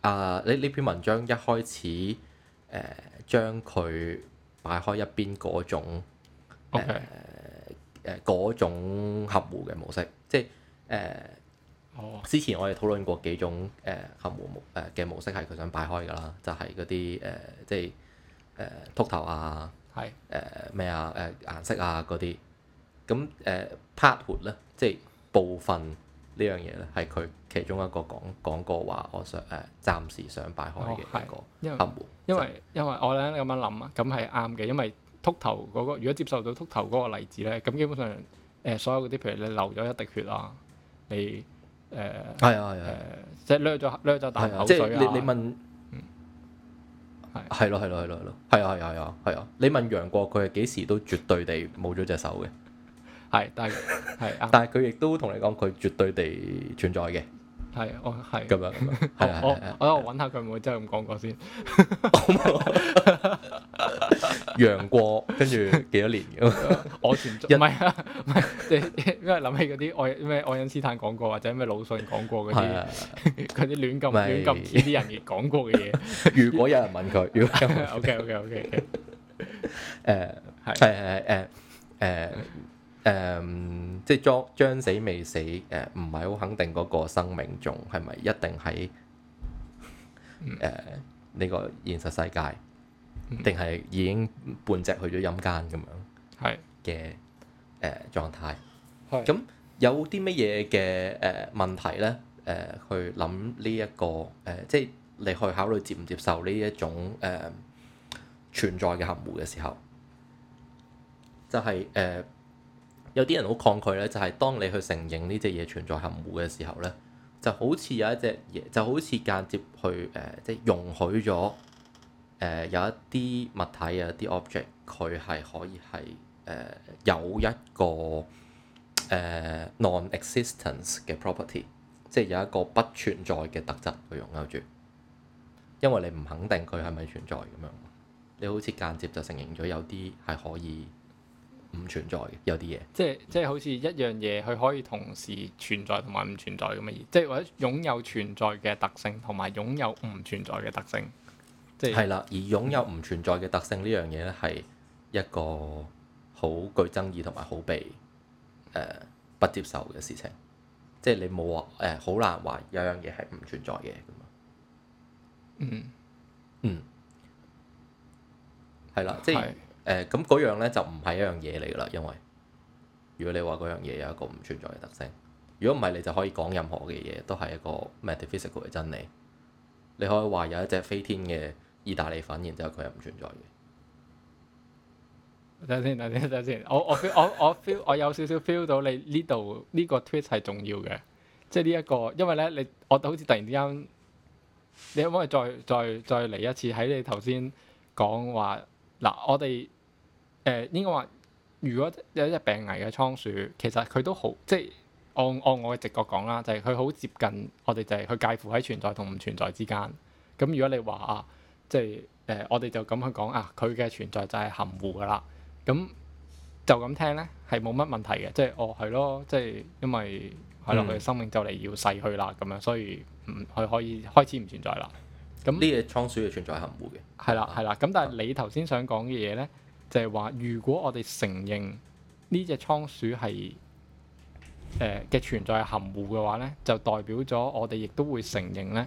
啊呢呢篇文章一開始誒將佢擺開一邊嗰種誒誒嗰種合乎嘅模式，即係誒。呃哦、之前我哋討論過幾種誒含糊誒嘅模式，係佢想擺開㗎喇，就係嗰啲誒，即係誒禿頭啊，係誒咩啊，誒、呃、顏色啊嗰啲。咁誒 part 活咧，即、呃、係部分呢樣嘢咧，係佢其中一個講講過話，我想誒暫時想擺開嘅一個含糊、哦。因為因為，因為我咧咁樣諗啊，咁係啱嘅，因為禿頭嗰、嗰個如果接受到禿頭嗰個例子咧，咁基本上誒、呃、所有嗰啲，譬如你流咗一滴血啊，你。誒係啊，誒即係略咗略咗大口水，即係你你問，係係咯係咯係咯係咯係啊係啊係啊係啊！你問楊過，佢係幾時都絕對地冇咗隻手嘅，係但係係但係佢亦都同你講，佢絕對地存在嘅。係啊，我係咁樣。我我我揾下佢唔會真係咁講過先。楊過跟住幾多年嘅？我全唔係啊，即因為諗起嗰啲愛咩愛因斯坦講過，或者咩魯迅講過嗰啲，嗰啲亂咁亂咁似啲人講過嘅嘢。如果有人問佢，OK OK OK。誒係係係係誒，um, 即係將將死未死，誒、呃，唔係好肯定嗰個生命仲係咪一定喺誒呢個現實世界，定係、嗯、已經半隻去咗陰間咁樣的？嘅誒是、呃、狀態。係是。咁有啲乜嘢嘅誒問題咧？誒、呃，去諗呢一個誒、呃，即係你去考慮接唔接受呢一種誒、呃、存在嘅含糊嘅時候，就係、是、誒。呃有啲人好抗拒咧，就係、是、當你去承認呢隻嘢存在含糊嘅時候咧，就好似有一隻嘢，就好似間接去誒，即、呃、係、就是、容許咗誒、呃、有一啲物體啊，一啲 object，佢係可以係誒、呃、有一個誒、呃、non-existence 嘅 property，即係有一個不存在嘅特質去擁有住，因為你唔肯定佢係咪存在咁樣，你好似間接就承認咗有啲係可以。唔存在嘅有啲嘢，即係即係好似一樣嘢，佢可以同時存在同埋唔存在咁嘅嘢，即係或者擁有存在嘅特性，同埋擁有唔存在嘅特性，即係係啦。而擁有唔存在嘅特性呢樣嘢咧，係一個好具爭議同埋好被誒、呃、不接受嘅事情。即係你冇話誒，好、呃、難話有樣嘢係唔存在嘅咁啊。嗯嗯，係啦、嗯，即係。誒，咁嗰、嗯、樣咧就唔係一樣嘢嚟啦，因為如果你話嗰樣嘢有一個唔存在嘅特性，如果唔係你就可以講任何嘅嘢都係一個 metaphysical 嘅真理。你可以話有一隻飛天嘅意大利粉，然之後佢又唔存在嘅。等下先，等下先，等先。我我 feel，我我 feel 我有少少 feel 到你呢度呢個 twist 係重要嘅，即係呢一個，因為咧你我好似突然之間，你可唔可以再再再嚟一次喺你頭先講話嗱，我哋。誒應該話，如果有一隻病危嘅倉鼠，其實佢都好，即係按按我嘅直覺講啦，就係佢好接近我哋，就係、是、佢介乎喺存在同唔存在之間。咁如果你話、呃、啊，即係誒，我哋就咁去講啊，佢嘅存在就係含糊噶、哦、啦。咁就咁聽咧，係冇乜問題嘅。即係哦，係咯，即係因為係咯，佢嘅生命就嚟要逝去啦，咁樣所以唔佢、嗯、可以開始唔存在、存在、哦、啦。咁呢隻倉鼠嘅存在含糊嘅。係、嗯、啦，係啦。咁但係你頭先想講嘅嘢咧？就係話，如果我哋承認呢隻倉鼠係誒嘅存在含糊嘅話咧，就代表咗我哋亦都會承認咧，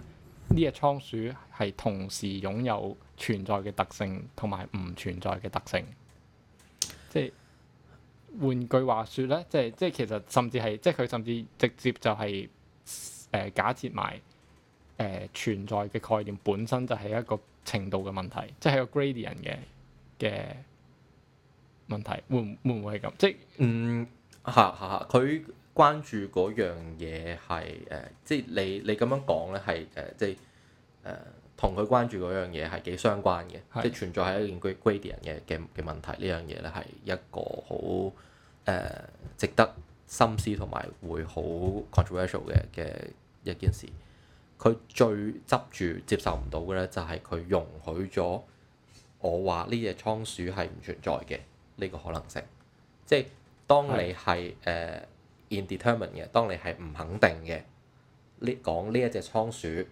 呢隻倉鼠係同時擁有存在嘅特性同埋唔存在嘅特性。即係換句話說咧，即係即係其實甚至係即係佢甚至直接就係誒假設埋誒存在嘅概念本身就係一個程度嘅問題，即係個 gradient 嘅嘅。問題會唔會唔會係咁？即係嗯，係係係，佢關注嗰樣嘢係誒，即係你你咁樣講咧係誒，即係誒同佢關注嗰樣嘢係幾相關嘅，的即係存在係一件 gradient 嘅嘅嘅問題。呢樣嘢咧係一個好誒、呃、值得深思同埋會好 controversial 嘅嘅一件事。佢最執住接受唔到嘅咧就係佢容許咗我話呢隻倉鼠係唔存在嘅。呢個可能性，即係當你係誒 indeterminate 嘅，當你係唔是、呃、肯定嘅，呢講呢一隻倉鼠，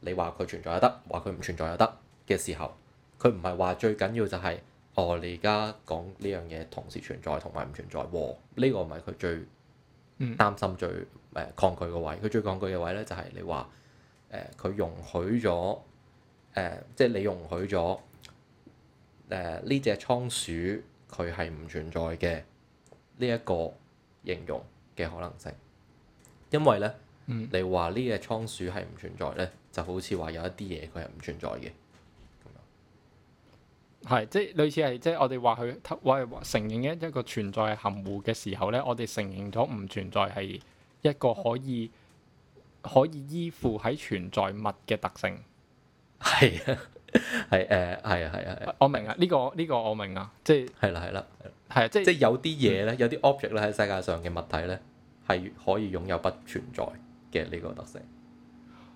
你話佢存在又得，話佢唔存在又得嘅時候，佢唔係話最緊要就係、是、哦，你而家講呢樣嘢同時存在同埋唔存在喎，呢、哦這個唔係佢最擔心最誒抗拒嘅位，佢、嗯呃、最抗拒嘅位咧就係你話誒佢容許咗誒，即係你容許咗誒呢隻倉鼠。佢係唔存在嘅呢一個形容嘅可能性，因為呢，嗯、你話呢隻倉鼠係唔存在呢，就好似話有一啲嘢佢係唔存在嘅，係即係類似係即係我哋話佢，我哋話承認一個存在含糊嘅時候呢，我哋承認咗唔存在係一個可以可以依附喺存在物嘅特性，係 啊楽。係誒，係啊，係、呃、啊，係。我明啊，呢個、呢個我明啊，即係係啦，係啦，係啊，即係即係有啲嘢咧，嗯、有啲 object 咧喺世界上嘅物體咧，係可以擁有不存在嘅呢個特性。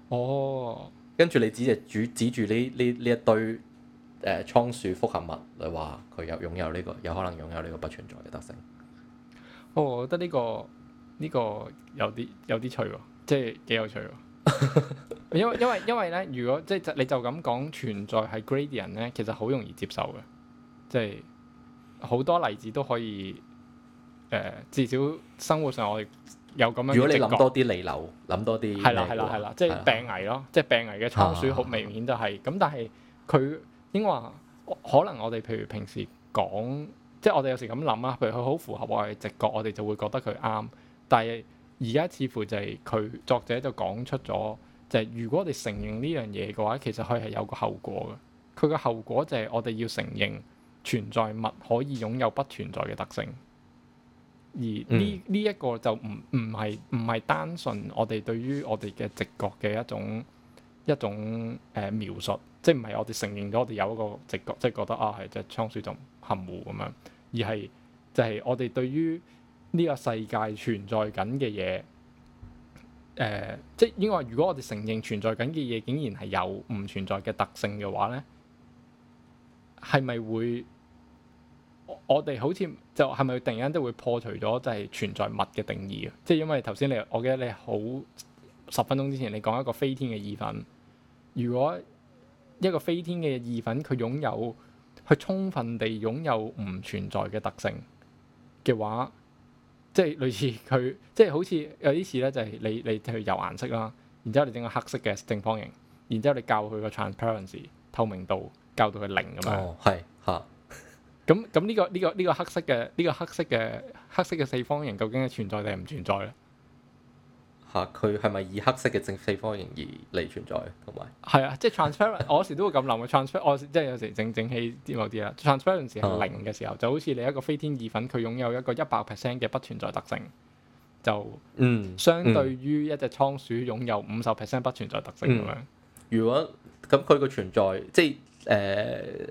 哦，跟住，你指住指、指住呢呢呢一堆誒倉鼠複合物嚟話，佢有擁有呢個有可能擁有呢個不存在嘅特性，哦。我覺得呢個、呢個有啲有啲趣喎，即係幾有趣喎。 因為因為因為咧，如果即係你就咁講存在係 gradient 咧，其實好容易接受嘅，即係好多例子都可以，誒、呃，至少生活上我哋有咁樣。如果你諗多啲逆流，諗多啲係啦係啦係啦，即係病危咯，即係病危嘅倉鼠好明顯就係、是、咁， 但係佢應該話可能我哋譬如平時講，即係我哋有時咁諗啊，譬如佢好符合我嘅直覺，我哋就會覺得佢啱，但係。而家似乎就係佢作者就講出咗，就係、是、如果我哋承認呢樣嘢嘅話，其實佢係有個後果嘅。佢嘅後果就係我哋要承認存在物可以擁有不存在嘅特性。而呢呢一個就唔唔係唔係單純我哋對於我哋嘅直覺嘅一種一種誒、呃、描述，即係唔係我哋承認咗我哋有一個直覺，即係覺得啊係隻倉鼠就含糊咁樣，而係就係、是、我哋對於。呢個世界存在緊嘅嘢，誒、呃，即係應該話，如果我哋承認存在緊嘅嘢竟然係有唔存在嘅特性嘅話咧，係咪會我哋好似就係咪突然間都會破除咗即係存在物嘅定義？即係因為頭先你我記得你好十分鐘之前你講一個飛天嘅意粉，如果一個飛天嘅意粉佢擁有去充分地擁有唔存在嘅特性嘅話，即係類似佢，即係好似有啲事咧，就係你你去油顏色啦，然之後你整個黑色嘅正方形，然之後你較佢個 transparency 透明度較到佢零咁樣，係嚇、哦。咁咁呢個呢個呢個黑色嘅呢個黑色嘅黑色嘅四方形，究竟係存在定係唔存在咧？嚇，佢係咪以黑色嘅正四方形而嚟存在？同埋係啊，即係 transfer， 我時都會咁諗 transfer，我即係有時整整起啲某啲啦。transfer 嗰陣時係、嗯啊、零嘅時候，就好似你一個飛天意粉，佢擁有一個一百 percent 嘅不存在特性，就嗯，相對於一隻倉鼠擁有五十 percent 不存在特性咁樣、嗯嗯。如果咁佢個存在，即係誒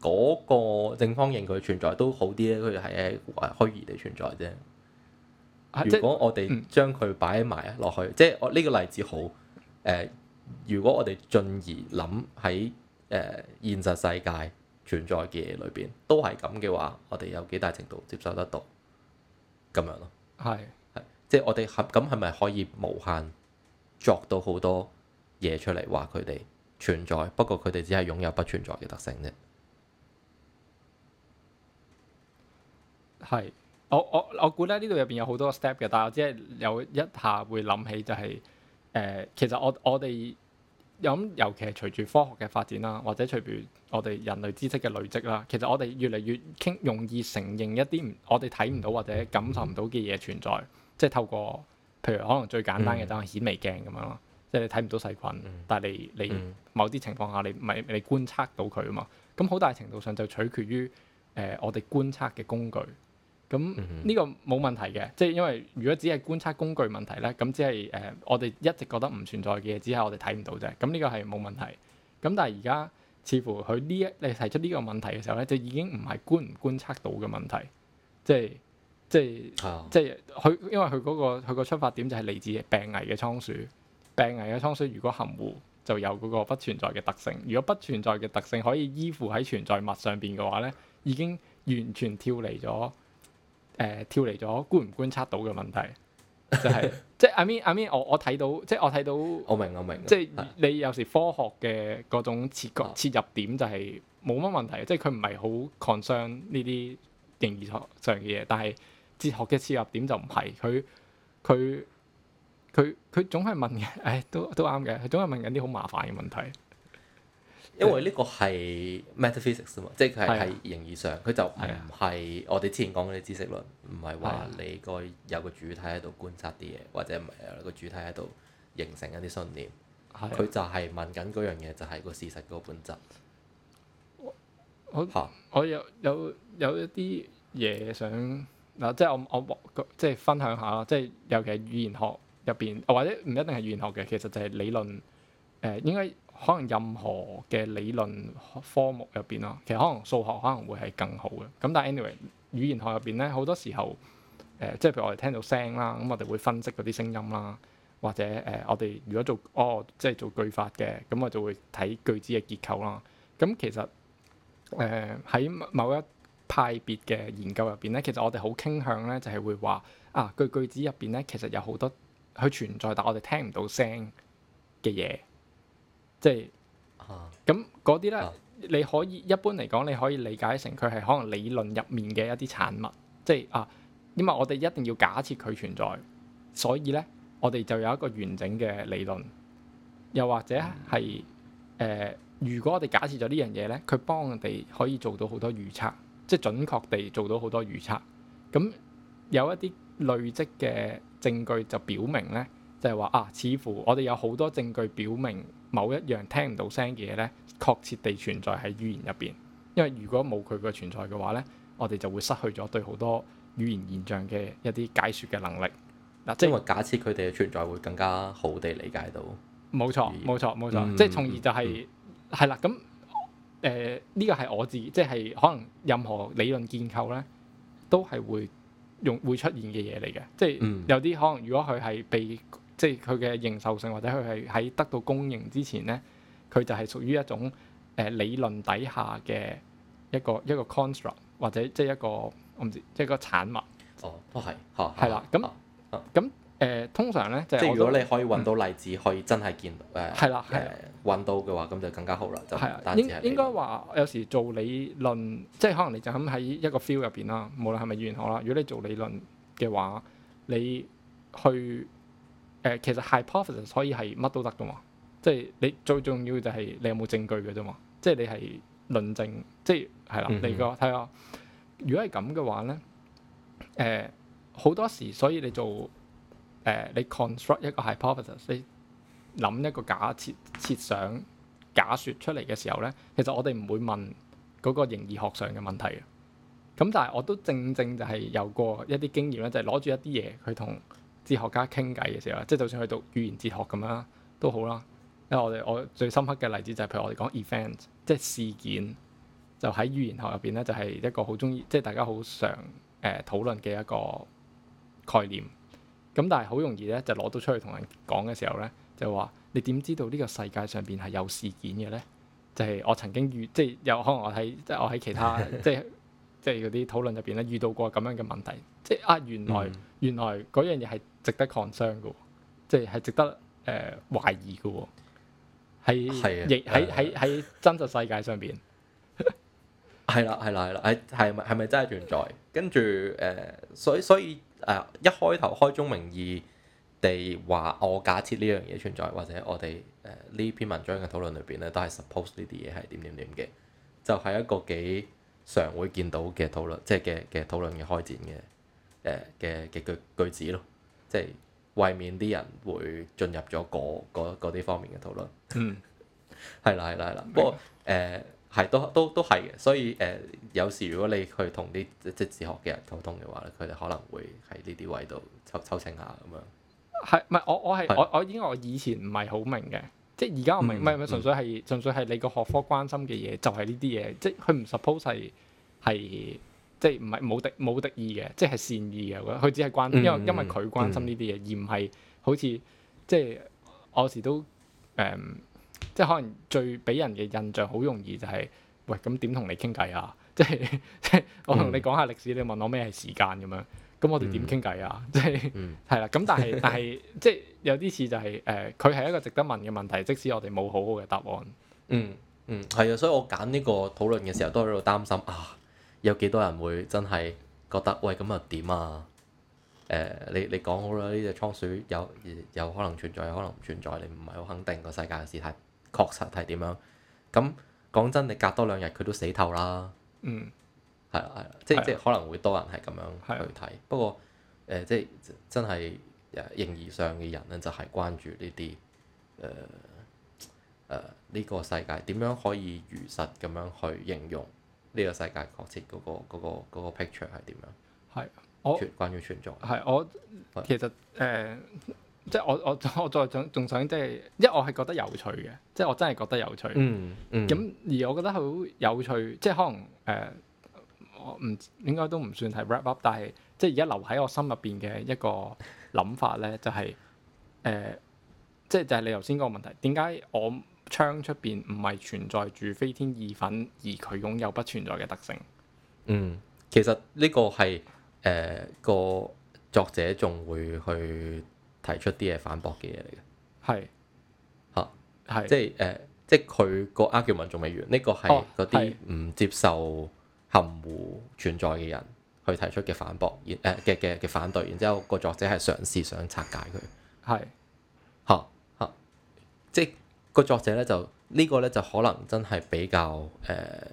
嗰個正方形佢個存在都好啲咧。佢係誒虛擬地存在啫。如果我哋將佢擺埋落去，即係我呢個例子好誒、呃。如果我哋進而諗喺誒現實世界存在嘅嘢裏邊，都係咁嘅話，我哋有幾大程度接受得到咁樣咯？係是即係我哋咁係咪可以無限作到好多嘢出嚟，話佢哋存在？不過佢哋只係擁有不存在嘅特性啫。係。我我我估咧，呢度入邊有好多個 step 嘅，但係我只係有一下會諗起就係、是、誒、呃。其實我我哋咁，尤其係隨住科學嘅發展啦，或者隨住我哋人類知識嘅累積啦，其實我哋越嚟越傾容易承認一啲我哋睇唔到或者感受唔到嘅嘢存在，嗯、哼即係透過譬如可能最簡單嘅，就係顯微鏡咁樣咯，即係、嗯、哼你睇唔到細菌，但係你你某啲情況下你唔咪你，你觀察到佢啊嘛。咁好大程度上就取決於誒、呃、我哋觀察嘅工具。咁呢、嗯、個冇問題嘅，即係因為如果只係觀察工具問題咧，咁只係誒、呃、我哋一直覺得唔存在嘅嘢，只係我哋睇唔到啫。咁呢個係冇問題。咁但係而家似乎佢呢一你提出呢個問題嘅時候咧，就已經唔係觀唔觀察到嘅問題，即係即係即係佢因為佢嗰、嗰個佢個出發點就係嚟自病危嘅倉鼠，病危嘅倉鼠如果含糊就有嗰個不存在嘅特性。如果不存在嘅特性可以依附喺存在物上邊嘅話咧，已經完全跳離咗。誒、呃、跳離咗觀唔觀察到嘅問題，就係、是、 即係 I mean I mean，我 我睇到即係我睇到，我明我明，即係 你有時科學嘅嗰種切入切入點就係冇乜問題，即係佢唔係好 concern 呢啲形而上嘅嘢，但係哲學嘅切入點就唔係，佢佢佢佢總係問嘅，誒、哎、都都啱嘅，佢總係問緊啲好麻煩嘅問題。因為呢個係 metaphysics 啊嘛，即係佢係喺形而上，佢的就唔係我哋之前講嗰啲知識論，唔係話你個有個主體喺度觀察啲嘢，或者唔係有個主體喺度形成一啲信念。佢的就係問緊嗰樣嘢，就係、是、個事實嗰個本質。我，我，我有有有一啲嘢想嗱，即係我我即係分享下啦，即係尤其係語言學入邊，或者唔一定係語言學嘅，其實就係理論誒、呃、應該。可能任何嘅理論科目入邊咯，其實可能數學可能會係更好嘅。咁但係 anyway，語言學入邊咧，好多時候誒、呃，即係譬如我哋聽到聲啦，咁、嗯、我哋會分析嗰啲聲音啦，或者誒、呃，我哋如果做哦，即係做句法嘅，咁、嗯、我就會睇句子嘅結構啦。咁、嗯、其實誒喺、呃、某一派別嘅研究入邊咧，其實我哋好傾向咧，就係、是、會話啊，句句子入邊咧，其實有好多佢存在，但係我哋聽唔到聲嘅嘢。即係啊，咁嗰啲咧，你可以一般嚟講，你可以理解成佢係可能理論入面嘅一啲產物。即係啊，因為我哋一定要假設佢存在，所以咧，我哋就有一個完整嘅理論。又或者係誒、嗯呃，如果我哋假設咗呢樣嘢咧，佢幫我哋可以做到好多預測，即係準確地做到好多預測。咁有一啲累積嘅證據就表明咧，就係、是、話啊，似乎我哋有好多證據表明。某一樣聽唔到聲嘅嘢咧，確切地存在喺語言入邊，因為如果冇佢嘅存在嘅話咧，我哋就會失去咗對好多語言現象嘅一啲解說嘅能力。嗱，即係因為即假設佢哋嘅存在會更加好地理解到。冇錯，冇錯，冇錯，即係從而就係係啦。咁誒，呢個係我自即係可能任何理論建構咧，都係會用會出現嘅嘢嚟嘅。即係有啲可能，如果佢係被即係佢嘅認受性，或者佢係喺得到公認之前咧，佢就係屬於一種誒、呃、理論底下嘅一個一個 construct，或者即係一個我唔知，即係個產物。哦，都係嚇。係、哦、啦，咁咁誒，通常咧即是 就即係如果你可以揾到例子，嗯、可以真係見誒，係、呃、啦，係揾到嘅話，咁就更加好啦。係啊，應應該話有時做理論，即係可能你就咁喺一個 feel 入邊啦。無論係咪語言學啦，如果你做理論嘅話，你去。誒、呃、其實 hypothesis 可以係乜都得噶嘛，即係你最重要就係你有冇證據嘅啫嘛，即係你係論證，即係係啦，你個睇下，如果係咁嘅話咧，誒、呃、好多時所以你做誒、呃、你 construct 一個 hypothesis，你諗一個假設設想假説出嚟嘅時候咧，其實我哋唔會問嗰個形而學上嘅問題啊，咁但係我都正正就係有過一啲經驗咧，就係攞住一啲嘢去同。哲學家傾偈嘅時候，即係就算去讀語言哲學咁樣都好啦。因為我哋我最深刻嘅例子就係譬如我哋講 event，即係事件，就喺語言學入邊咧就係、是、一個好鍾意，即係大家好常誒討論嘅一個概念。咁但係好容易咧就攞到出去同人講嘅時候咧，就話你點知道呢個世界上邊係有事件嘅咧？就係、是、我曾經遇，即係有可能我喺即係我喺其他即係。 即係嗰啲討論入邊咧，遇到過咁樣嘅問題，即係啊，原來、嗯、原來嗰樣嘢係值得 concern 嘅，即係係值得誒、呃、懷疑嘅喎，係係亦喺喺喺真實世界上邊的，係啦係啦係啦，係係咪真係存在？跟住誒，所以所以誒、呃，一開頭開宗明義地話，我假設呢樣嘢存在，或者我哋誒呢篇文章嘅討論裏邊咧，都係 suppose 呢啲嘢係點點點嘅，就係、是、一個幾，常會見到嘅討論，即係嘅嘅討論嘅開展嘅誒嘅嘅句句子咯，即係為免啲人會進入咗嗰啲方面嘅討論。嗯，係啦係啦啦，明白。不過誒係、呃、都都都係嘅，所以誒、呃、有時如果你去同啲即字學嘅人溝通嘅話咧，佢哋可能會喺呢啲位度抽抽清下咁樣。係咪我我係係嘅。我我已經我以前唔係好明嘅。即而家我明，唔係唔係純粹係純粹係你個學科關心嘅嘢，就係呢啲嘢。即佢唔 suppose 係即係唔係冇敵冇敵意嘅，即係善意嘅。我覺得佢只係關、嗯嗯、因為因為佢關心呢啲嘢，而唔係好似即係我時都誒、嗯、即係可能最俾人嘅印象好容易就係、是、喂咁點同你傾偈啊？即係即係我同你講下歷史，你問我咩係時間咁樣。咁我哋點傾偈啊？即係係啦，咁 但係但係即係有啲似就係、是、誒，佢、呃、係一個值得問嘅問題，即使我哋冇好好嘅答案。嗯嗯，係、嗯、啊，所以我揀呢個討論嘅時候都喺度擔心啊，有幾多人會真係覺得喂咁又點啊？誒、呃，你你講好啦，呢隻倉鼠有有可能存在，有可能唔存在，你唔係好肯定個世界嘅事態確實係點樣？咁、啊、講真，你隔多兩日佢都死透啦。嗯。係啦，係啦，即係即係可能會多人係咁樣去睇，的不過誒、呃，即係真係、啊、形而上嘅人咧，就係關注呢啲誒誒呢個世界點樣可以如實咁樣去形容呢個世界確切嗰、那個個個 picture 係點樣？係關於存在係我，我、呃、的其實誒、呃，即係我我我，我再想仲想即係，因為我係覺得有趣嘅，即係我真係覺得有趣。嗯。咁、嗯、而我覺得好有趣，即係可能誒。呃呃我唔應該都唔算係 wrap up，但係即係而家留喺我心入邊嘅一個諗法咧，就係、是、誒、呃，即係就係你頭先個問題，點解我窗出邊唔係存在住飛天意粉，而佢擁有不存在嘅特性？嗯，其實呢個係誒、呃、個作者仲會去提出啲嘢反駁嘅嘢嚟嘅，係嚇係即係誒、呃，即係佢個 argument 仲未完，呢個係嗰啲唔接受。含糊存在嘅人去提出嘅反駁，嘅嘅嘅反對，然之後個作者係嘗試想拆解佢係，吓吓是、啊啊，即係、那個作者咧就呢、這個咧就可能真係比較誒誒、呃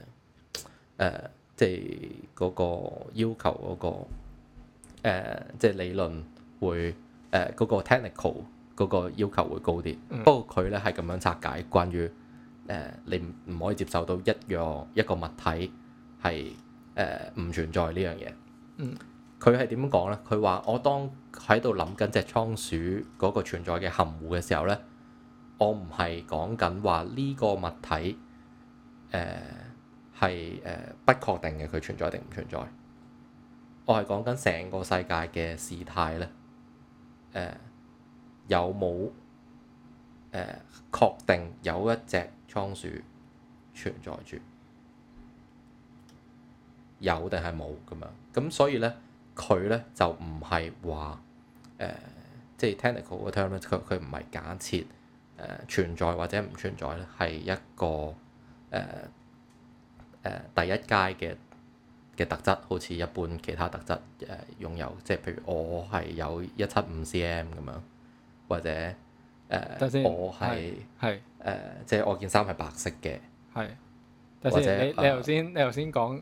呃、即係嗰、那個要求嗰、那個誒、呃，即係理論會誒嗰、呃那個 technical 嗰個要求會高啲。嗯、不過佢咧係咁樣拆解關於誒、呃、你唔可以接受到一樣一個物體。係誒唔存在呢樣嘢。嗯，佢係點講咧？佢話我當喺度諗緊隻倉鼠嗰個存在嘅含糊嘅時候咧，我唔係講緊話呢個物體誒係誒不確定嘅，佢存在定唔存在。我係講緊成個世界嘅事態咧。誒、呃、有冇誒確定有一隻倉鼠存在住？有定係冇咁樣，咁所以咧，佢咧就唔係話誒，即係 technical 嘅 term 咧，佢佢唔係假設誒、呃、存在或者唔存在咧，係一個誒誒、呃呃、第一階嘅嘅特質，好似一般其他特質誒、呃、擁有，即係譬如我係有一七五 cm 咁樣，或者誒、呃、等我係係誒，即係我件衫係白色嘅。係，等等或者你你頭先、呃、你頭先講。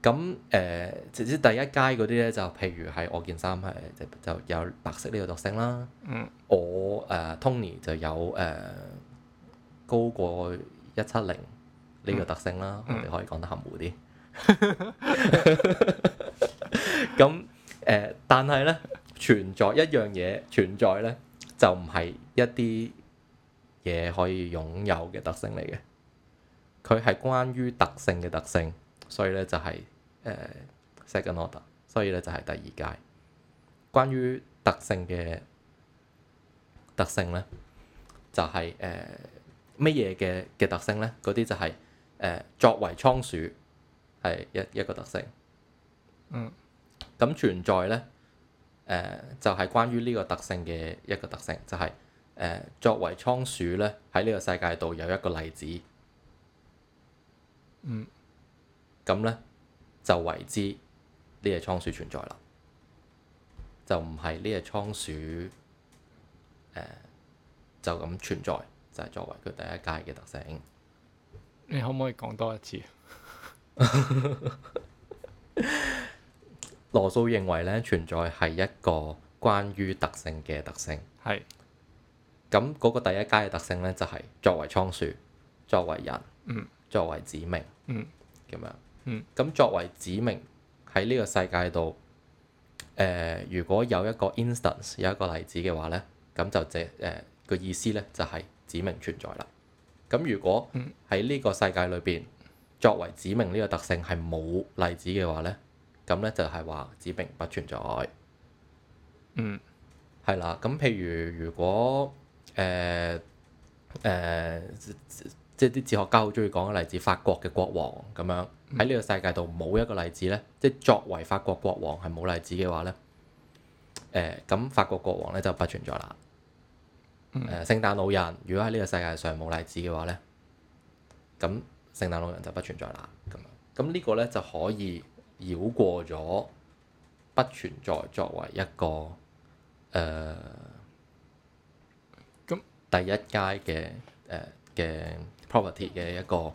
咁誒，直至、呃、第一階嗰啲咧，就譬如係我件衫係就有白色呢個特性啦。嗯、我誒、呃、Tony 就有誒、呃、高過一七零呢個特性啦。嗯、我哋可以講得含糊啲。 咁、呃、誒，但係咧存在一樣嘢存在咧，就唔係一啲嘢可以擁有嘅特性嚟嘅。佢係關於特性嘅特性。所以咧就係、是、誒、呃、second order，所以咧就係第二界。關於特性嘅特性咧，就係誒乜嘢嘅嘅特性咧？嗰啲就係、是、誒、呃、作為倉鼠係一一個特性。嗯。咁存在咧誒、呃，就係、是、關於呢個特性嘅一個特性，就係、是、誒、呃、作為倉鼠咧喺呢個世界度有一個例子。嗯。咁咧就為之呢隻倉鼠存在啦，就唔係呢隻倉鼠、呃、就咁存在，就係、是、作為佢第一階嘅特性。你可唔可以講多一次？ 羅素認為咧，存在係一個關於特性嘅特性。係是。咁嗰個第一階嘅特性咧，就係、是、作為倉鼠，作為人，嗯、作為指名，咁、嗯、樣。咁、嗯、作為梓明喺呢個世界度，誒、呃，如果有一個 instance 有一個例子嘅話咧，咁就借誒個意思咧就係、是、梓明存在啦。咁如果喺呢個世界裏邊作為梓明呢個特性係冇例子嘅話咧，咁咧就係話梓明不存在。嗯，係啦。咁譬如如果誒誒、呃呃、即即啲哲學家好鍾意講嘅例子，法國嘅國王咁樣。喺呢個世界度冇一個例子咧，即係作為法國國王係冇例子嘅話咧，誒、欸、咁法國國王咧就不存在啦。誒、呃、聖誕老人如果喺呢個世界上冇例子嘅話咧，咁聖誕老人就不存在啦。咁樣，咁呢個咧就可以繞過咗不存在作為一個誒，咁、呃、第一階嘅誒嘅 property 嘅一個誒。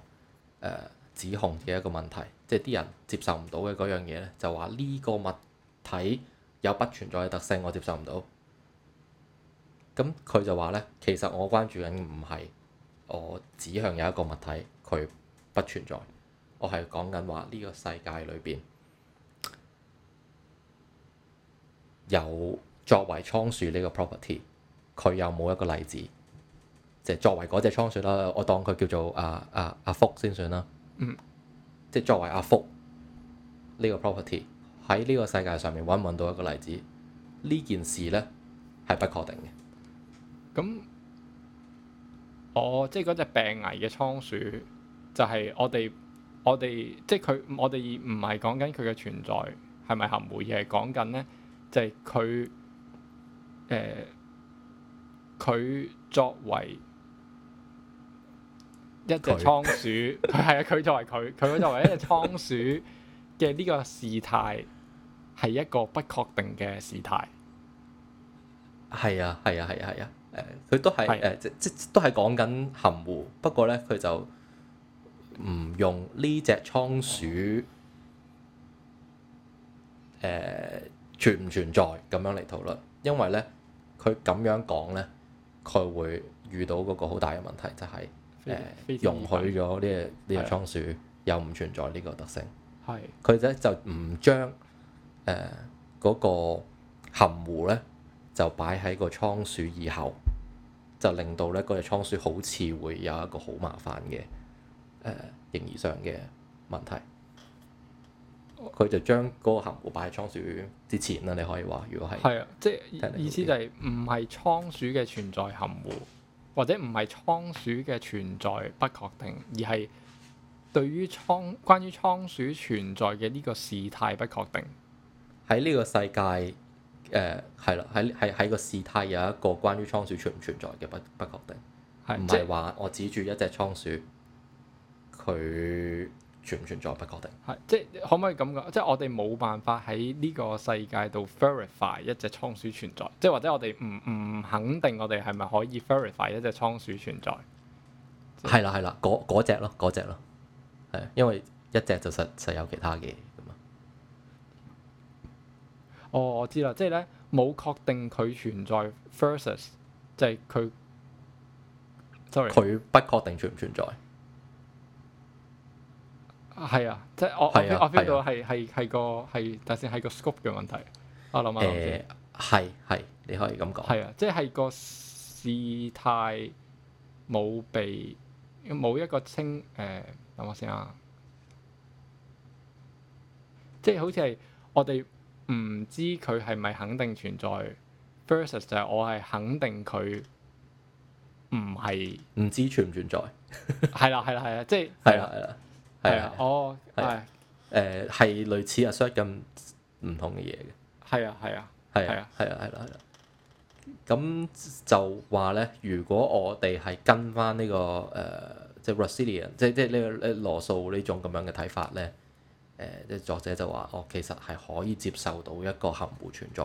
呃指控嘅一個問題，即係啲人接受唔到嘅嗰樣嘢咧，就話呢個物體有不存在嘅特性，我接受唔到。咁佢就話咧，其實我關注緊唔係我指向有一個物體佢不存在，我係講緊話呢個世界裏邊有作為倉鼠呢個 property，佢有冇一個例子？即係作為嗰隻倉鼠啦，我當佢叫做阿阿阿福先算啦。嗯，即係作為阿福呢，呢個 property 喺呢個世界上面揾唔揾到一個例子，呢件事呢係不確定嘅。咁，嗯，我即係嗰隻病危嘅倉鼠，就係、是、我哋我哋即係佢，我哋唔係講緊佢嘅存在係咪含糊會，而係講緊呢，就係佢誒佢作為。一隻倉鼠，佢係啊，佢作為佢，佢作為一隻倉鼠嘅呢個事態，係一個不確定嘅事態。係啊，係啊，係啊，係啊，誒、啊，佢、啊啊、都係誒，即即都係講緊含糊，不過咧，佢就唔用呢隻倉鼠誒噢、呃、存唔存在咁樣嚟討論，因為咧，佢咁樣講咧，佢會遇到嗰個好大嘅問題，就係。呃、容許咗呢、這個、呢、這、隻、個、倉鼠有唔存在呢個特性。係佢咧就唔將誒嗰個含糊咧就擺喺個倉鼠以後，就令到咧嗰隻倉鼠好似會有一個好麻煩嘅誒、呃、形而上嘅問題。佢就將嗰個含糊擺喺倉鼠之前啦，你可以話，如果係係啊，即係、就是、意、意思就係唔係倉鼠嘅存在含糊。或者唔係倉鼠嘅存在不確定，而係對於倉，關於倉鼠存在嘅呢個事態不確定。喺呢個世界，誒，係啦，喺喺喺個事態有一個關於倉鼠存唔存在嘅不不確定，唔係話我指住一隻倉鼠，佢存唔存在不確定，係即係可唔可以咁講？即係我哋冇辦法喺呢個世界度 verify 一隻倉鼠存在，即係或者我哋唔唔肯定我哋係咪可以 verify 一隻倉鼠存在？係啦係啦，嗰嗰隻咯，嗰隻咯，係、那個那個、因為一隻就實實有其他嘅咁啊。哦，我知啦，即係咧冇確定佢存在 versus 即係佢 sorry 佢不確定存唔存在。係啊，即係我我 feel 我 feel 到係係係個係，但先係個 scope 嘅問題。我諗下先、欸，係係，你可以咁講。係啊，即係個事態冇被冇一個清誒，諗、欸、下先啊。即係好似係我哋唔知佢係咪肯定存在，versus 就係我係肯定佢唔係唔知存唔存在。係 啦、啊，係啦、啊，係啦、啊，即係係啦，係啦。係啊，哦，係呀，誒，係類似阿 s h o t 咁唔同嘅嘢嘅。係啊，係啊，係啊，係啊，係啦，係啦。咁 就話咧，如果我哋係跟翻呢、這個誒、呃，即係 Russellian，即係即係呢個誒羅素呢種咁樣嘅睇法咧，誒，即係、嗯、作者就話，哦，其實係可以接受到一個含糊存在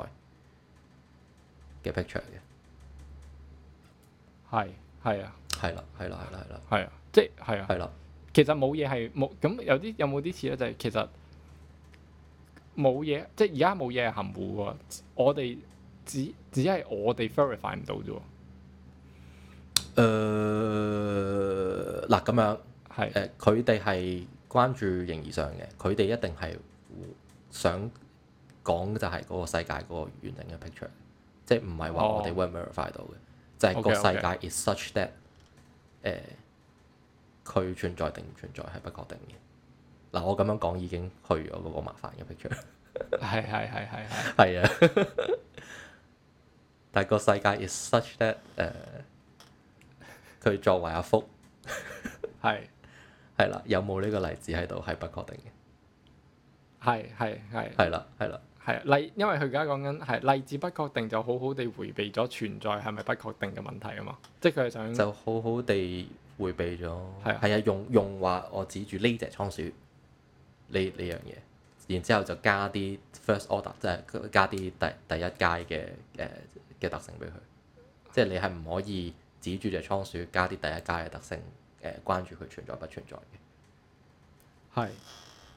嘅 picture 嘅。係，係啊。係啦，係啦，係啦，係啦。係啊，即係啊，係啦。其實冇嘢係冇咁有啲有冇啲似咧，就係、是、其實冇嘢，即係而家冇嘢係含糊嘅。我哋只只係我哋 verify 唔到啫。誒、呃，嗱咁樣係誒，佢哋係關注形而上嘅，佢哋一定係想講嘅就係嗰個世界嗰個完整嘅 picture，即係唔係話我哋 verify 到嘅，哦、okay, okay。就係個世界 is such that 誒、呃。佢存在定唔存在係不確定嘅。嗱、啊，我咁樣講已經去咗嗰個麻煩嘅 picture。係係係係係。係啊。但係個世界 is such that 誒、呃，佢作為一幅係係啦。有冇呢個例子喺度係不確定嘅？係係係。係啦係啦。係例，因為佢而家講緊係例子不確定，就好好地迴避咗存在係咪不，不確定嘅問題啊嘛。即係佢係想就好好地。回避咗，係啊，用用話我指住呢隻倉鼠，呢呢樣嘢，然之後就加啲 first order，即係加啲第第一階嘅誒嘅特性俾佢，即係你係唔可以指住隻倉鼠加啲第一階嘅特性誒，關注佢存在不存在嘅。係，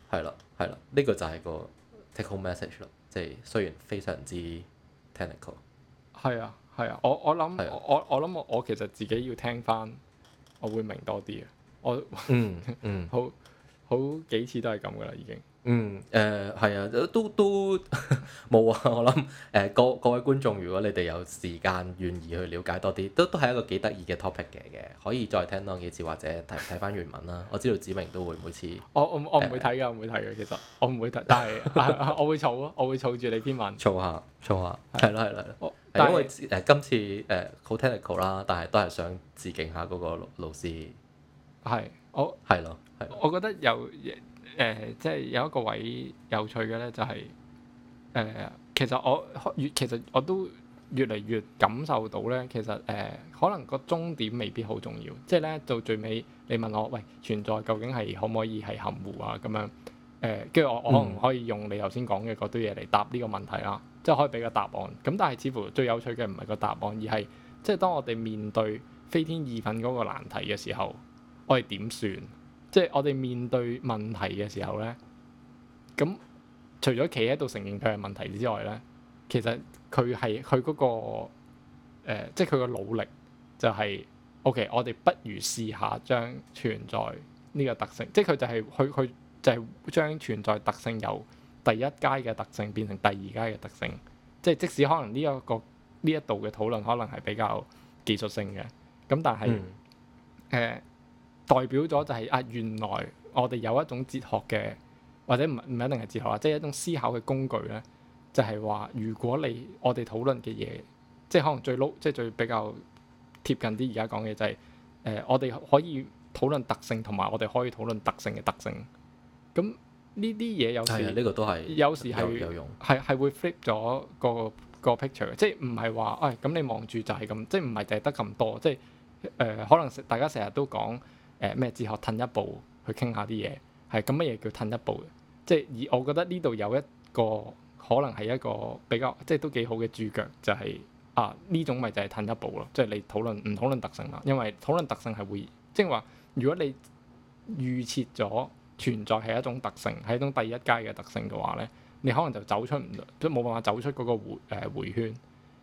係啦，係啦，呢個就係個 take home message 啦，即係雖然非常之 technical。係啊，係啊，我我諗我我諗我我其實自己要聽翻。我會明多啲嘅，我嗯 嗯，嗯，好好幾次都係咁嘅啦，已經。嗯，誒、呃、係啊，都都冇 啊，我諗誒個各位觀眾，如果你哋有時間願意去了解多啲，都都係一個幾得意嘅 topic 嘅，可以再聽多幾次或者睇睇翻原文啦。我知道梓明都會每次。 我我我唔會睇㗎，唔會睇㗎，其實我唔會睇，但係但是 我會儲啊，我會儲住你篇文。儲下儲下，係咯係咯。因為誒今次誒好 technical 啦，但係都係想致敬下嗰個老師。係，我係咯，係。我覺得有誒，即、呃、係、就係、有一個位有趣嘅咧、就係，就係誒，其實我越其實我都越嚟越感受到咧，其實誒、呃、可能個終點未必好重要，即係咧到最尾，你問我喂，存在究竟係可唔可以係含糊啊？咁樣誒，跟、呃、住我我可唔可以用你頭先講嘅嗰堆嘢嚟答呢個問題啦。嗯即係可以俾個答案，咁但係似乎最有趣嘅唔係個答案，而係即係當我哋面對飛天意粉嗰個難題嘅時候，我哋點算？即係我哋面對問題嘅時候咧，咁除咗企喺度承認佢嘅問題之外咧，其實佢係佢嗰個、呃、即係佢嘅努力就係、是、O.K.，我哋不如試下將存在呢個特性，即係佢就係佢佢就係將存在特性有。第一階嘅特性變成第二階嘅特性，即係即使可能呢、這、一個呢一度嘅討論可能係比較技術性嘅，咁但係誒、嗯呃、代表咗就係、是、啊原來我哋有一種哲學嘅，或者唔唔一定係哲學啊，即、就、係、是、一種思考嘅工具咧，就係、是、話如果你我哋討論嘅嘢，即係可能最撈，即係最比較貼近啲而家講嘅就係、是、誒、呃、我哋可以討論特性，同埋我哋可以討論特性嘅特性，咁、嗯。呢啲嘢有時呢、呢個都係有有，時有，有用，係係會 flip 咗個個，個 picture 嘅、哎，即係唔係話誒咁你望住就係咁，即係唔係就係得咁多，即係誒、呃、可能大家成日都講誒咩哲學褪一步去傾下啲嘢，係咁乜嘢叫褪一步？一一步即係以我覺得呢度有一個可能係一個比較即係都幾好嘅注腳，就係、是、啊呢種咪就係褪一步咯，即係你討論唔討論特性啦，因為討論特性係會即係話如果你預設咗。存在係一種特性，係一種第一階嘅特性嘅話咧，你可能就走出唔即係冇辦法走出嗰個回誒、呃、回圈，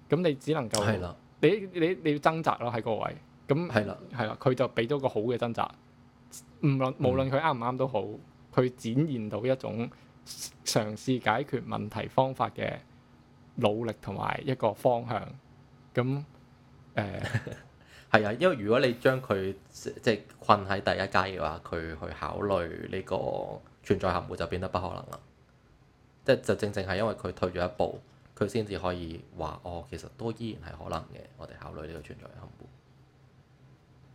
咁你只能夠的你你你要掙扎咯喺個位，咁係啦，係啦的，佢就俾咗個好嘅掙扎，唔論無論佢啱唔啱都好，佢、嗯、展現到一種嘗試解決問題方法嘅努力同埋一個方向，咁誒。呃 係啊，因為如果你將佢即係困喺第一階嘅話，佢去考慮呢個存在含糊就變得不可能啦。即係就正正係因為佢退咗一步，佢先至可以話哦，其實都依然係可能嘅。我哋考慮呢個存在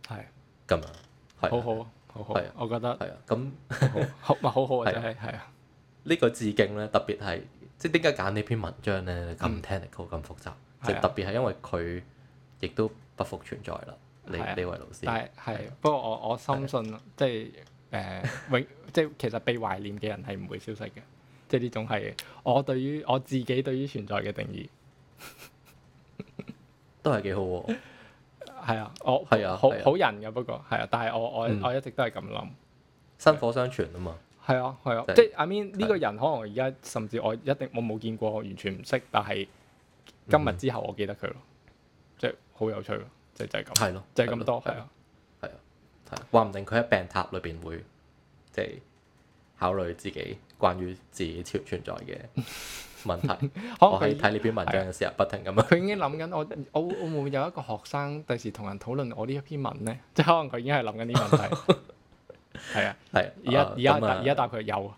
含糊係咁樣，好好好好，係啊，我覺得係啊。咁好咪好好嘅，係係啊。呢個致敬咧，特別係即係點解揀呢篇文章咧？咁 technical 咁複雜，即係特別係因為佢。亦都不復存在啦，你呢位老師。但係係，不過我我深信，即係誒永，即係其實被懷念嘅人係唔會消失嘅，即係呢種係我對於我自己對於存在嘅定義，都係幾好。係啊，我係啊，好好人㗎，不過係啊，但係我我我一直都係咁諗，薪火相傳啊嘛。係啊係啊，即係阿明呢個人可能而家甚至我一定我冇見過，我完全唔識，但係今日之後我記得佢咯。好有趣，就就係咁。係咯，就係咁多，係啊，係啊，係。話唔定佢喺病榻裏邊會即係考慮自己關於自己存在嘅問題。我喺睇呢篇文章嘅時候，不停咁，佢已經諗緊，我我會唔會有一個學生第時同人討論我呢一篇文咧？即係可能佢已經係諗緊呢個問題。係啊，係。而家而家答而家答佢有，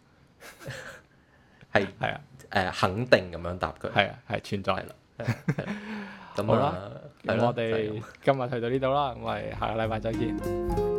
係係啊，誒肯定咁樣答佢。係啊，係存在啦。咁好啦。我哋今日去到呢度啦，我哋下個禮拜再見。